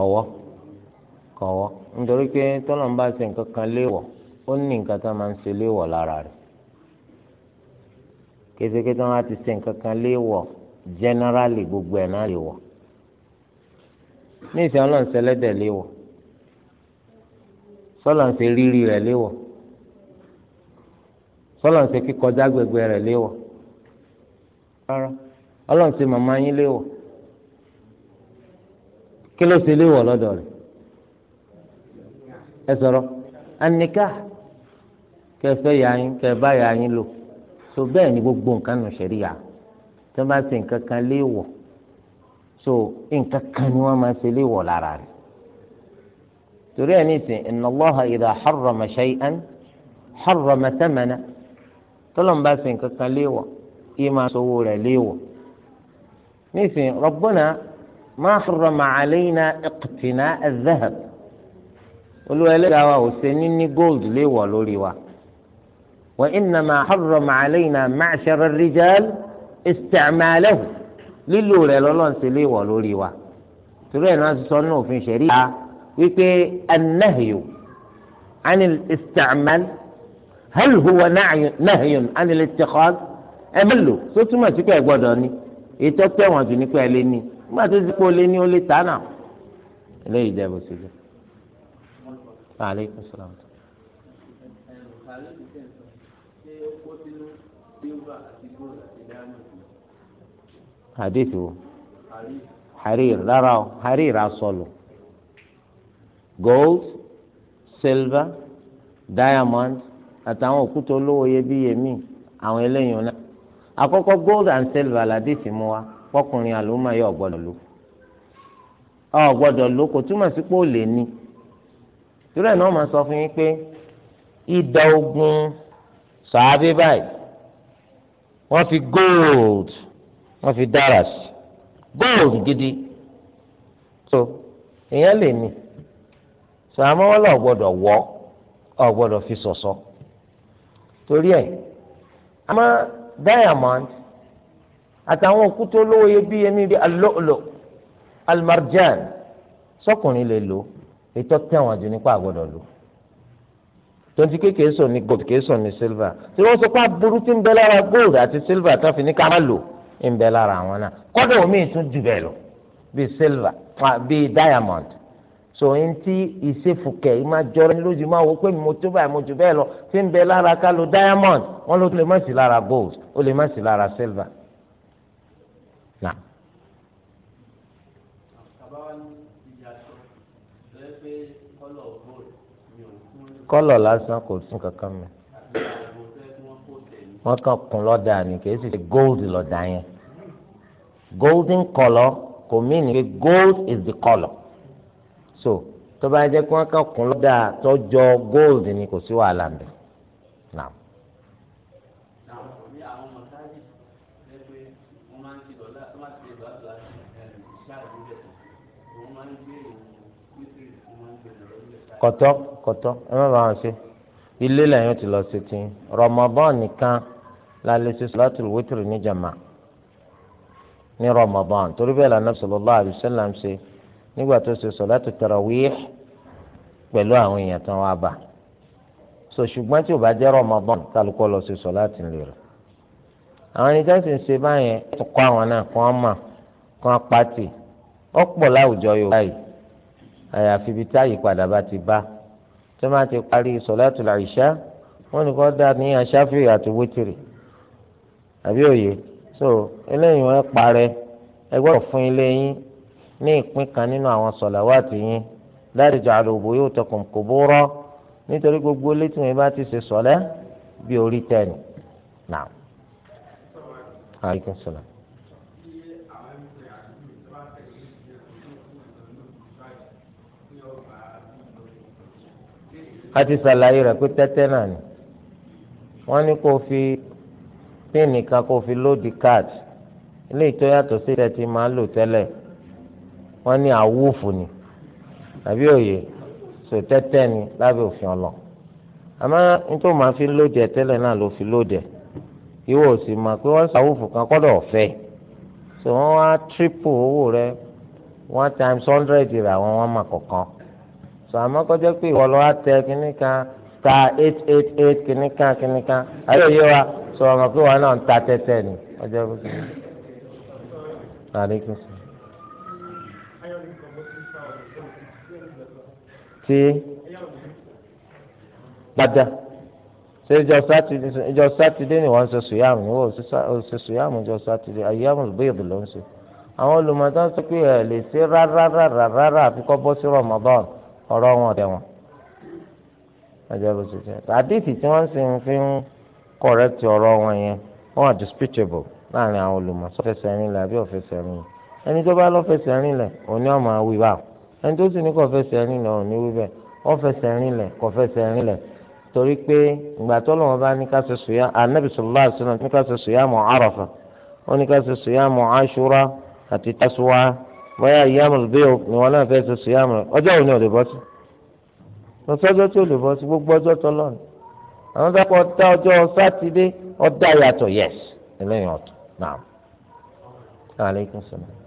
Ọwọ, ọwọ, nítorí pé tọ́lọ̀ ń bá ṣe nǹkan kan léèwọ̀ ó ní nǹkan tó máa ń ṣe lára rẹ̀ ti ṣe nǹkan kan gbogbo ẹ̀ náà léèwọ̀ ní ìsìn ọlọ́run ṣẹlẹ́dẹ̀ léèwọ̀ sọlọ́n ṣe rírì rẹ̀ ṣe kíkọjá gbẹgbẹ rẹ̀ léèwọ̀ rárá ọlọ́run kí ló ṣe lé wọ̀ lọ́dọ̀ rẹ̀ ẹ sọ̀rọ̀ anika kẹfẹ́ yà yín kẹfẹ́ yà yín lò so bẹ́ẹ̀ ni gbogbo nǹkan nù sẹ́rí yà tí wọ́n bá ṣe nǹkan kan lé wọ̀ so nǹkan kan ni wọ́n máa ṣe lé wọ̀ lára rẹ̀ torí ẹ̀ ní ìsìn inna Allaha idha harrama shay'an harrama thamana tọ́lọ́n bá ṣe nǹkan kan lé wọ̀ kí máa sọ owó rẹ̀ lé wọ̀ ní ìsìn Rabbuna ma harrama alayna iqtina az-zahab olúwa ẹlẹ́dàá wa ò ṣe níní gold léèwọ̀ lórí wa wa innama harrama alayna ma'shara ar-rijal isti'malahu lílò rẹ̀ lọ́lọ́ ṣe léèwọ̀ lórí wa torí ẹ̀ náà sọ ní òfin ṣẹ̀ríà wípé an-nahyu anil isti'mal hal huwa nahyun anil ittikhad ẹ̀ mélòó sótúmọ̀ sí ẹ̀ gbọ́dọ̀ ni ètò tẹ̀wọ̀n jù ní pé ẹ nígbà tó ti pọ̀ lé ní ó lè tà náà eléyìí jẹ́ bó ṣe jẹ́ aleykum salaam. hadith wo harir rárá o harir asọlù gold silver diamond àtàwọn òkúta olówó iyebíye míì àwọn eléyìí náà àkọ́kọ́ gold and silver làdísì mú wa fọkùnrin àlùmọ yóò gbọ́dọ̀ lò ọ gbọ́dọ̀ lò kò túmọ̀ sí pé ó lè ní torí ẹ̀ náà máa sọ fún yín pé ìdá ogun sàábé báyìí wọ́n fi gold wọ́n fi dára gold gidi so èèyàn lè ní sàmọ́ wọn lọ gbọ́dọ̀ wọ́ ọ gbọ́dọ̀ fi sọ̀sọ́ torí ẹ̀ àmọ́ diamond àtàwọn òkúta olówó iyebíye ní ibi alóòlò almarjan sọkùnrin lè lò ètò tẹ̀wọ̀n jù nípa àgbọ̀dọ̀ lò tonti ké kèé sọ ní gold kèé sọ ní silver tí wọ́n sọ pé aburú ti ń bẹ lára gold àti silver tó fi ní ká má lò ń bẹ lára àwọn náà kọ́dọ̀ omi tún jù bẹ́ẹ̀ lọ bíi silver bíi diamond so n ti ìsefùkẹ́ ìmá jọrọ lójú máa wọ pé mo tó báyìí mo jù bẹ́ẹ̀ lọ ti ń bẹ lára ká lo diamond wọ́n ló lè má sí lára gold ó lè má sí lára silver. kọ́lọ̀ lásán kò sún kankan mọ́ wọ́n kàn kún lọ́dà ni kì í sì ṣe gold lọ́dà yẹn golden color. kò mí ni pé gold is the color. so tó bá jẹ́ kí wọ́n kàn kún lọ́dà tọ́jọ́ gold ni kò sí wàhálà ń bẹ̀ kọtọ ẹ má bàa ṣe ilé lẹ́yìn ti lọ sí ti Ramadan nìkan la lè ṣe salatul witri ní jama ní Ramadan torí bẹ́ẹ̀ la Nabi sallallahu alaihi wasallam ṣe nígbà tó ṣe salatu tarawih pẹ̀lú àwọn èèyàn tán wá bá so ṣùgbọ́n tí o bá jẹ́ Ramadan kálukọ́ lọ ṣe salatu ń lè rẹ̀ àwọn ẹni tá sì ń ṣe báyẹn tó kọ́ àwọn náà kọ́ ọ́n kọ́ ọ́n ọ̀pọ̀ láwùjọ Yorùbá yìí àyàfi ibi táyì padà bá ti bá tó máa ti parí sọ̀látù làìṣá wọ́n ní kó dá ní aṣáfì àti wítìrì àbí òye so eléyìí wọ́n parẹ́ ẹgbẹ́ òfin ilé yín ní ìpín kan nínú àwọn sọ̀làwátì yín láti jọ àlòbò yóò tọkùn kò búrọ́ nítorí gbogbo létí wọn bá ti ṣe sọ̀lẹ́ bí orí tẹ̀ ní. Naam. Alaikum salaam. a ti ṣàlàyé rẹ̀ pé tẹ́tẹ́ náà ni wọ́n ní kó fi píìnì kan kó fi lóòdì card ilé ìtọ́ yàtọ̀ sí tẹ́tí máa ń lò tẹ́lẹ̀ wọ́n ní àwòfù ni àbí òye sò tẹ́tẹ́ ni lábẹ́ òfin ọlọ àmọ́ nítorí màá fi lóòdì ẹ̀ tẹ́lẹ̀ náà ló fi lóòdì ẹ̀ ìwọ ò sì mọ̀ pé wọ́n ṣàwòfù kan kọ́dọ̀ ọ̀fẹ́ so wọ́n wá triple owó rẹ̀ one times hundred rẹ̀ àwọn wọn mà kọ̀ọ̀kan sọ àmọ́ kọjá pé ìwọ lọ́wọ́ tẹ kínní kan ta eight eight eight kínní kan kínní kan ayé yé wa sọ ọmọ pé wọn náà ń ta tẹ́tẹ́ ni ọjọ́ bó ti ní. ti padà ṣe ìjọ sátidé ni wọ́n ń ṣe sùyàmù ni wọ́n ò ṣe sùyàmù ìjọ sátidé àyàmù bẹ́ẹ̀bù ló ń ṣe àwọn olùmọ̀tá sọ pé ẹ̀ lè ṣe rárá rárá rárá àfikọ́ bọ́ sí Ramadan ọ̀rọ̀ wọn ọ̀dẹ̀ wọn ẹjọ́ bó ṣe jẹ́ àdìsí tí wọ́n sì fi ń kọ̀rẹ́tì ọrọ wọn yẹn wọ́n are disputable láàrin àwọn olùmọ̀ sọ́fẹ̀sẹ̀ rìn lẹ̀ àbí ọ̀fẹ̀sẹ̀ rìn ẹni tó bá lọ́fẹ̀sẹ̀ rìn lẹ̀ òní ọmọ àwìn bá ẹni tó sì ní kọ̀fẹ̀sẹ̀ rìn lẹ̀ òní torí pé ìgbà tó lọ́wọ́ bá ní ká ṣe sùyà anabi bóyá ìyáàmù bí wọn náà fẹ́ sọ síyáàmù ọjọ́ òní ò lè bọ́ sí lọ́sọ́jọ́ tí ò lè bọ́ sí gbogbo ọjọ́ tó lọ́nà àwọn sápọ̀ dá ọjọ́ sátidé ọ̀dà yàtọ̀ yẹs ẹlẹ́yìn ọ̀tọ̀ náà. aleykum salaam.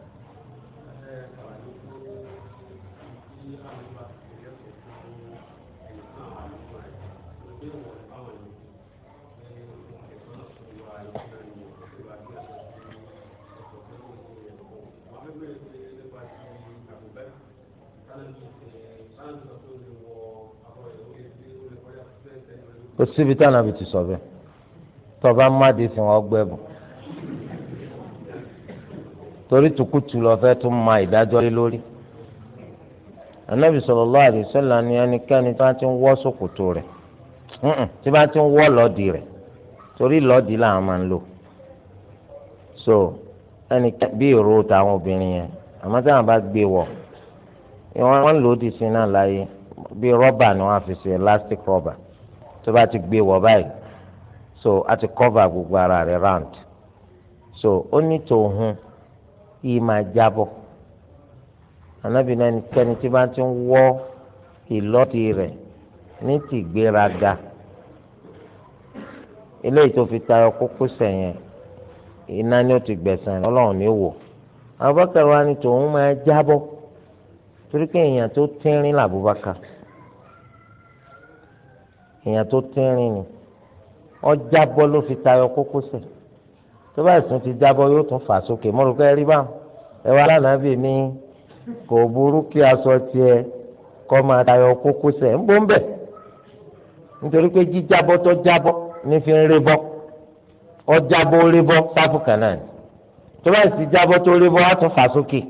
kò síbi tí ànábì ti sọ bẹ́ẹ̀ tọba mmadi fi wọn gbẹ bọ torí tukutu lọ fẹ́ tún ma ìdájọ́ lé lórí anabi sallallahu alaihi wasallam ni ẹnikẹ́ni tí wọ́n ti ń wọ́ ṣòkòtò rẹ̀ tí wọ́n ti ń wọ́ lọ́ọ̀dì rẹ̀ torí lọ́ọ̀dì làwọn máa ń lò so ẹnikẹ́ni bí ìró táwọn obìnrin yẹn àmọ́ tí wọ́n bá gbé wọ̀ wọ́n lòdì sí náà láyé bí rọ́bà ni wọ́n fi ṣe elastic rọ́bà tó bá ti gbé wọ̀ báyìí so a ti cover gbogbo ara rẹ̀ round so ó ní tòun yìí máa jábọ̀ anabi náà nìkẹ́ni tí bá ti ń wọ́ ìlọ́tì rẹ̀ ní tìgbéraga eléyìí tó fi tayọ kókó iná ni ó ti ọlọ́run ní wò Abubakar wa ni tòun máa jábọ̀ torí pé èèyàn tó tínrín làbúbakar. èèyàn tó tínrín ni ọjà bọ́ ló fi tayọ kókósẹ̀ tó bá ìsún ti jábọ́ yóò tún fà sókè mo rò pé rí báwọn ẹ wá lánàbì ní kò burú kí aṣọ tiẹ̀ kọ́ máa tayọ kókósẹ̀ ń bọ́ ń bẹ̀ nítorí pé jíjábọ́ tó jábọ́ ní fi ń rí bọ́ ọjà bọ́ rí bọ́ sáfù kan náà tó bá ìsún jábọ́ tó rí bọ́ á tún fà sókè.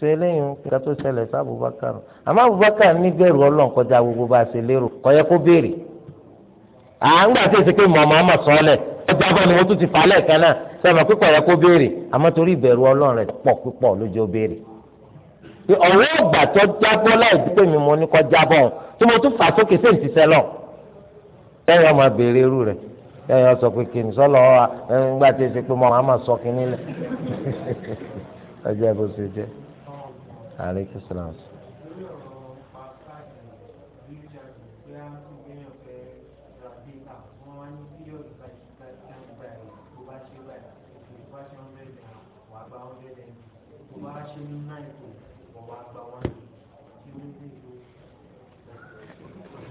so eléyìí nǹkan tó ṣẹlẹ̀ sí Abubakar àmọ́ Abubakar Ọlọ́run kọjá gbogbo bá a ṣe lérò kó béèrè à ń gbà tẹ̀sí pé mọ̀ sọ́ọ́lẹ̀ ọjà bọ́ ni wọ́n tún ti fà á lẹ́ẹ̀kan náà sọ̀rọ̀ pé kò kó béèrè àmọ́ torí ìbẹ̀rù Ọlọ́run rẹ̀ pọ̀ púpọ̀ lójó béèrè pé ọ̀gbà tó jábọ́ láì fà sọ pé sọ kìnnì aleykum salaam.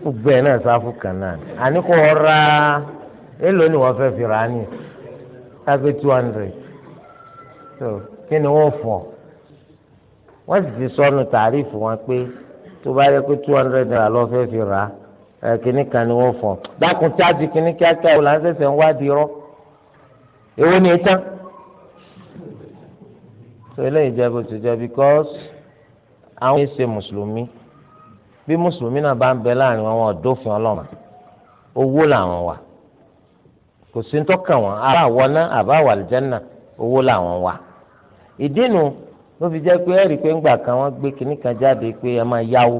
gbogbo ẹ náà sáfù kan náà àní kò rà èlò ni wọ́n fẹ́ fi rà á ní sáfù two hundred so kí ni wọ́n fọ̀ wọ́n sì ti sọnù tàrífù wọn pé tó bá yẹ pé two hundred naira lọ fẹ́ fi rà á kínní kan ni wọ́n fọ̀ dákun chájì kínní kíákíá wò láti ṣẹ̀ṣẹ̀ ń wádìí rọ́ èwo ni etán tó eléyìí jẹ́ bó ti jẹ́ because àwọn èsè mùsùlùmí bí mùsùlùmí náà bá ń bẹ láàrin wọn wọn dófin ọlọ́mà owó làwọn wà kò sí ń tọ́kàn wọn àbá àwọ̀ náà àbá àwàlìjẹ́ náà owó làwọn wà ìdí nu ló fi jẹ́ pé ẹ̀rí pé ńgbà kan wọ́n gbé kinní kan jáde pé ẹ máa yáwó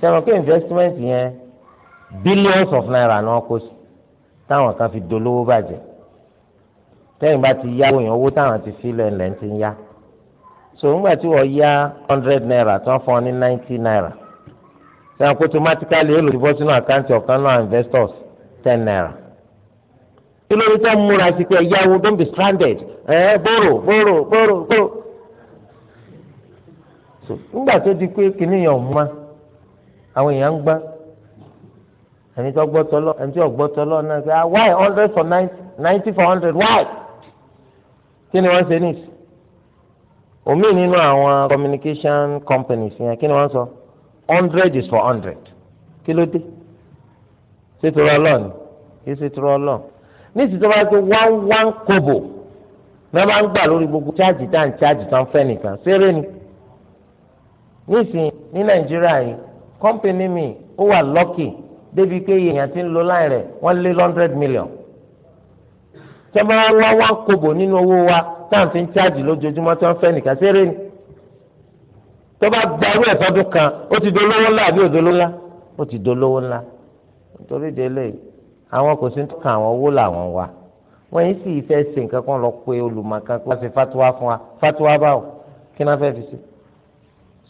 sẹ́wọ̀n pé investment yẹn billions of naira ni wọ́n kó sí táwọn kan fi dolówó bàjẹ́ tẹ́yìn bá ti yáwó yẹn owó táwọn ti fi lẹ́ńlẹ́ ti ń yá so ńgbà tí wọ́n yá hundred naira tí wọ́n fún ní ninety naira sẹ́wọ̀n pé automatically yóò lò bọ́ sínú àkáǹtì ọ̀kan náà investors ten naira kí ló dé tẹ́ múra sí pé yáwó don't be stranded ẹ̀ bóró bóró bóró bóró so nígbà tó di pé kìnìyàn mọ́ àwọn èèyàn ń gbá ẹni tó gbọ́ tọ́lọ́ ẹni tó gbọ́ tọ́lọ́ náà ṣe ah, why hundred for ninety ninety for hundred why kí ni wọ́n ṣe ní ìsìn omi nínú àwọn communication companies yẹn kí ni wọ́n sọ hundred is for hundred kí ló dé ṣé tó Ni lọ́ọ̀ni kí ṣe tó ní ìsìn bá ṣe one one kobo náà máa ń gbà lórí gbogbo chaajì tá à ń chaajì tán fẹ́ nìkan ṣeré ni nísìn ní nàìjíríà yìí kọ́ńpìnì mi ó wà lọ́kì débi pé èèyàn ti ń lo láì rẹ̀ wọ́n lé hundred million tẹ́mọ́ra wá wá kobo nínú owó wa táwọn fi ń chájì lójoojúmọ́ tí wọ́n fẹ́ nìkan ṣeré ni tó bá gba owó ẹ̀fọ́ ọdún kan ó ti dolówó ńlá àbí òdolówó ńlá ó ti dolówó ńlá nítorí délé àwọn kò sí ń tọ́ka àwọn owó làwọn wa wọ́n yìí sì fẹ́ ṣe nǹkan kan lọ pé olùmọ̀kan kó wá ṣe fatuwa fún wa fatuwa báwo kí náà fẹ́ fi ṣe.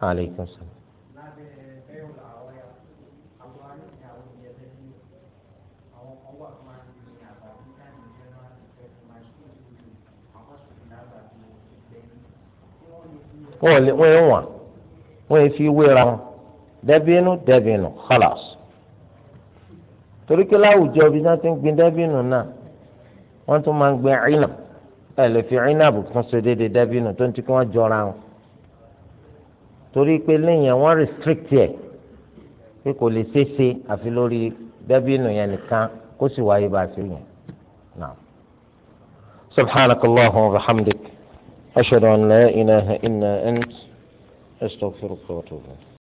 aleykum salaam. wọ́n lè wọ́n wọ́n wọ́n fi wéra wọn dẹ́bínú dẹ́bínú khalas torí pé láwùjọ bí wọ́n ti ń gbin dẹ́bínú náà wọ́n tún máa ń gbin ìnà ẹ̀ lè fi ìnà bùkún ṣe déédéé dẹ́bínú tó ń ti kí wọ́n jọra wọn torí pé lẹ́yìn àwọn restrict ẹ̀ pé kò lè ṣeéṣe àfi lórí dàbínù yẹn nìkan kó sì wáyé bá a ṣe yẹn. سبحانك اللهم وبحمدك أشهد أن لا إله إلا أنت أستغفرك وأتوب إليك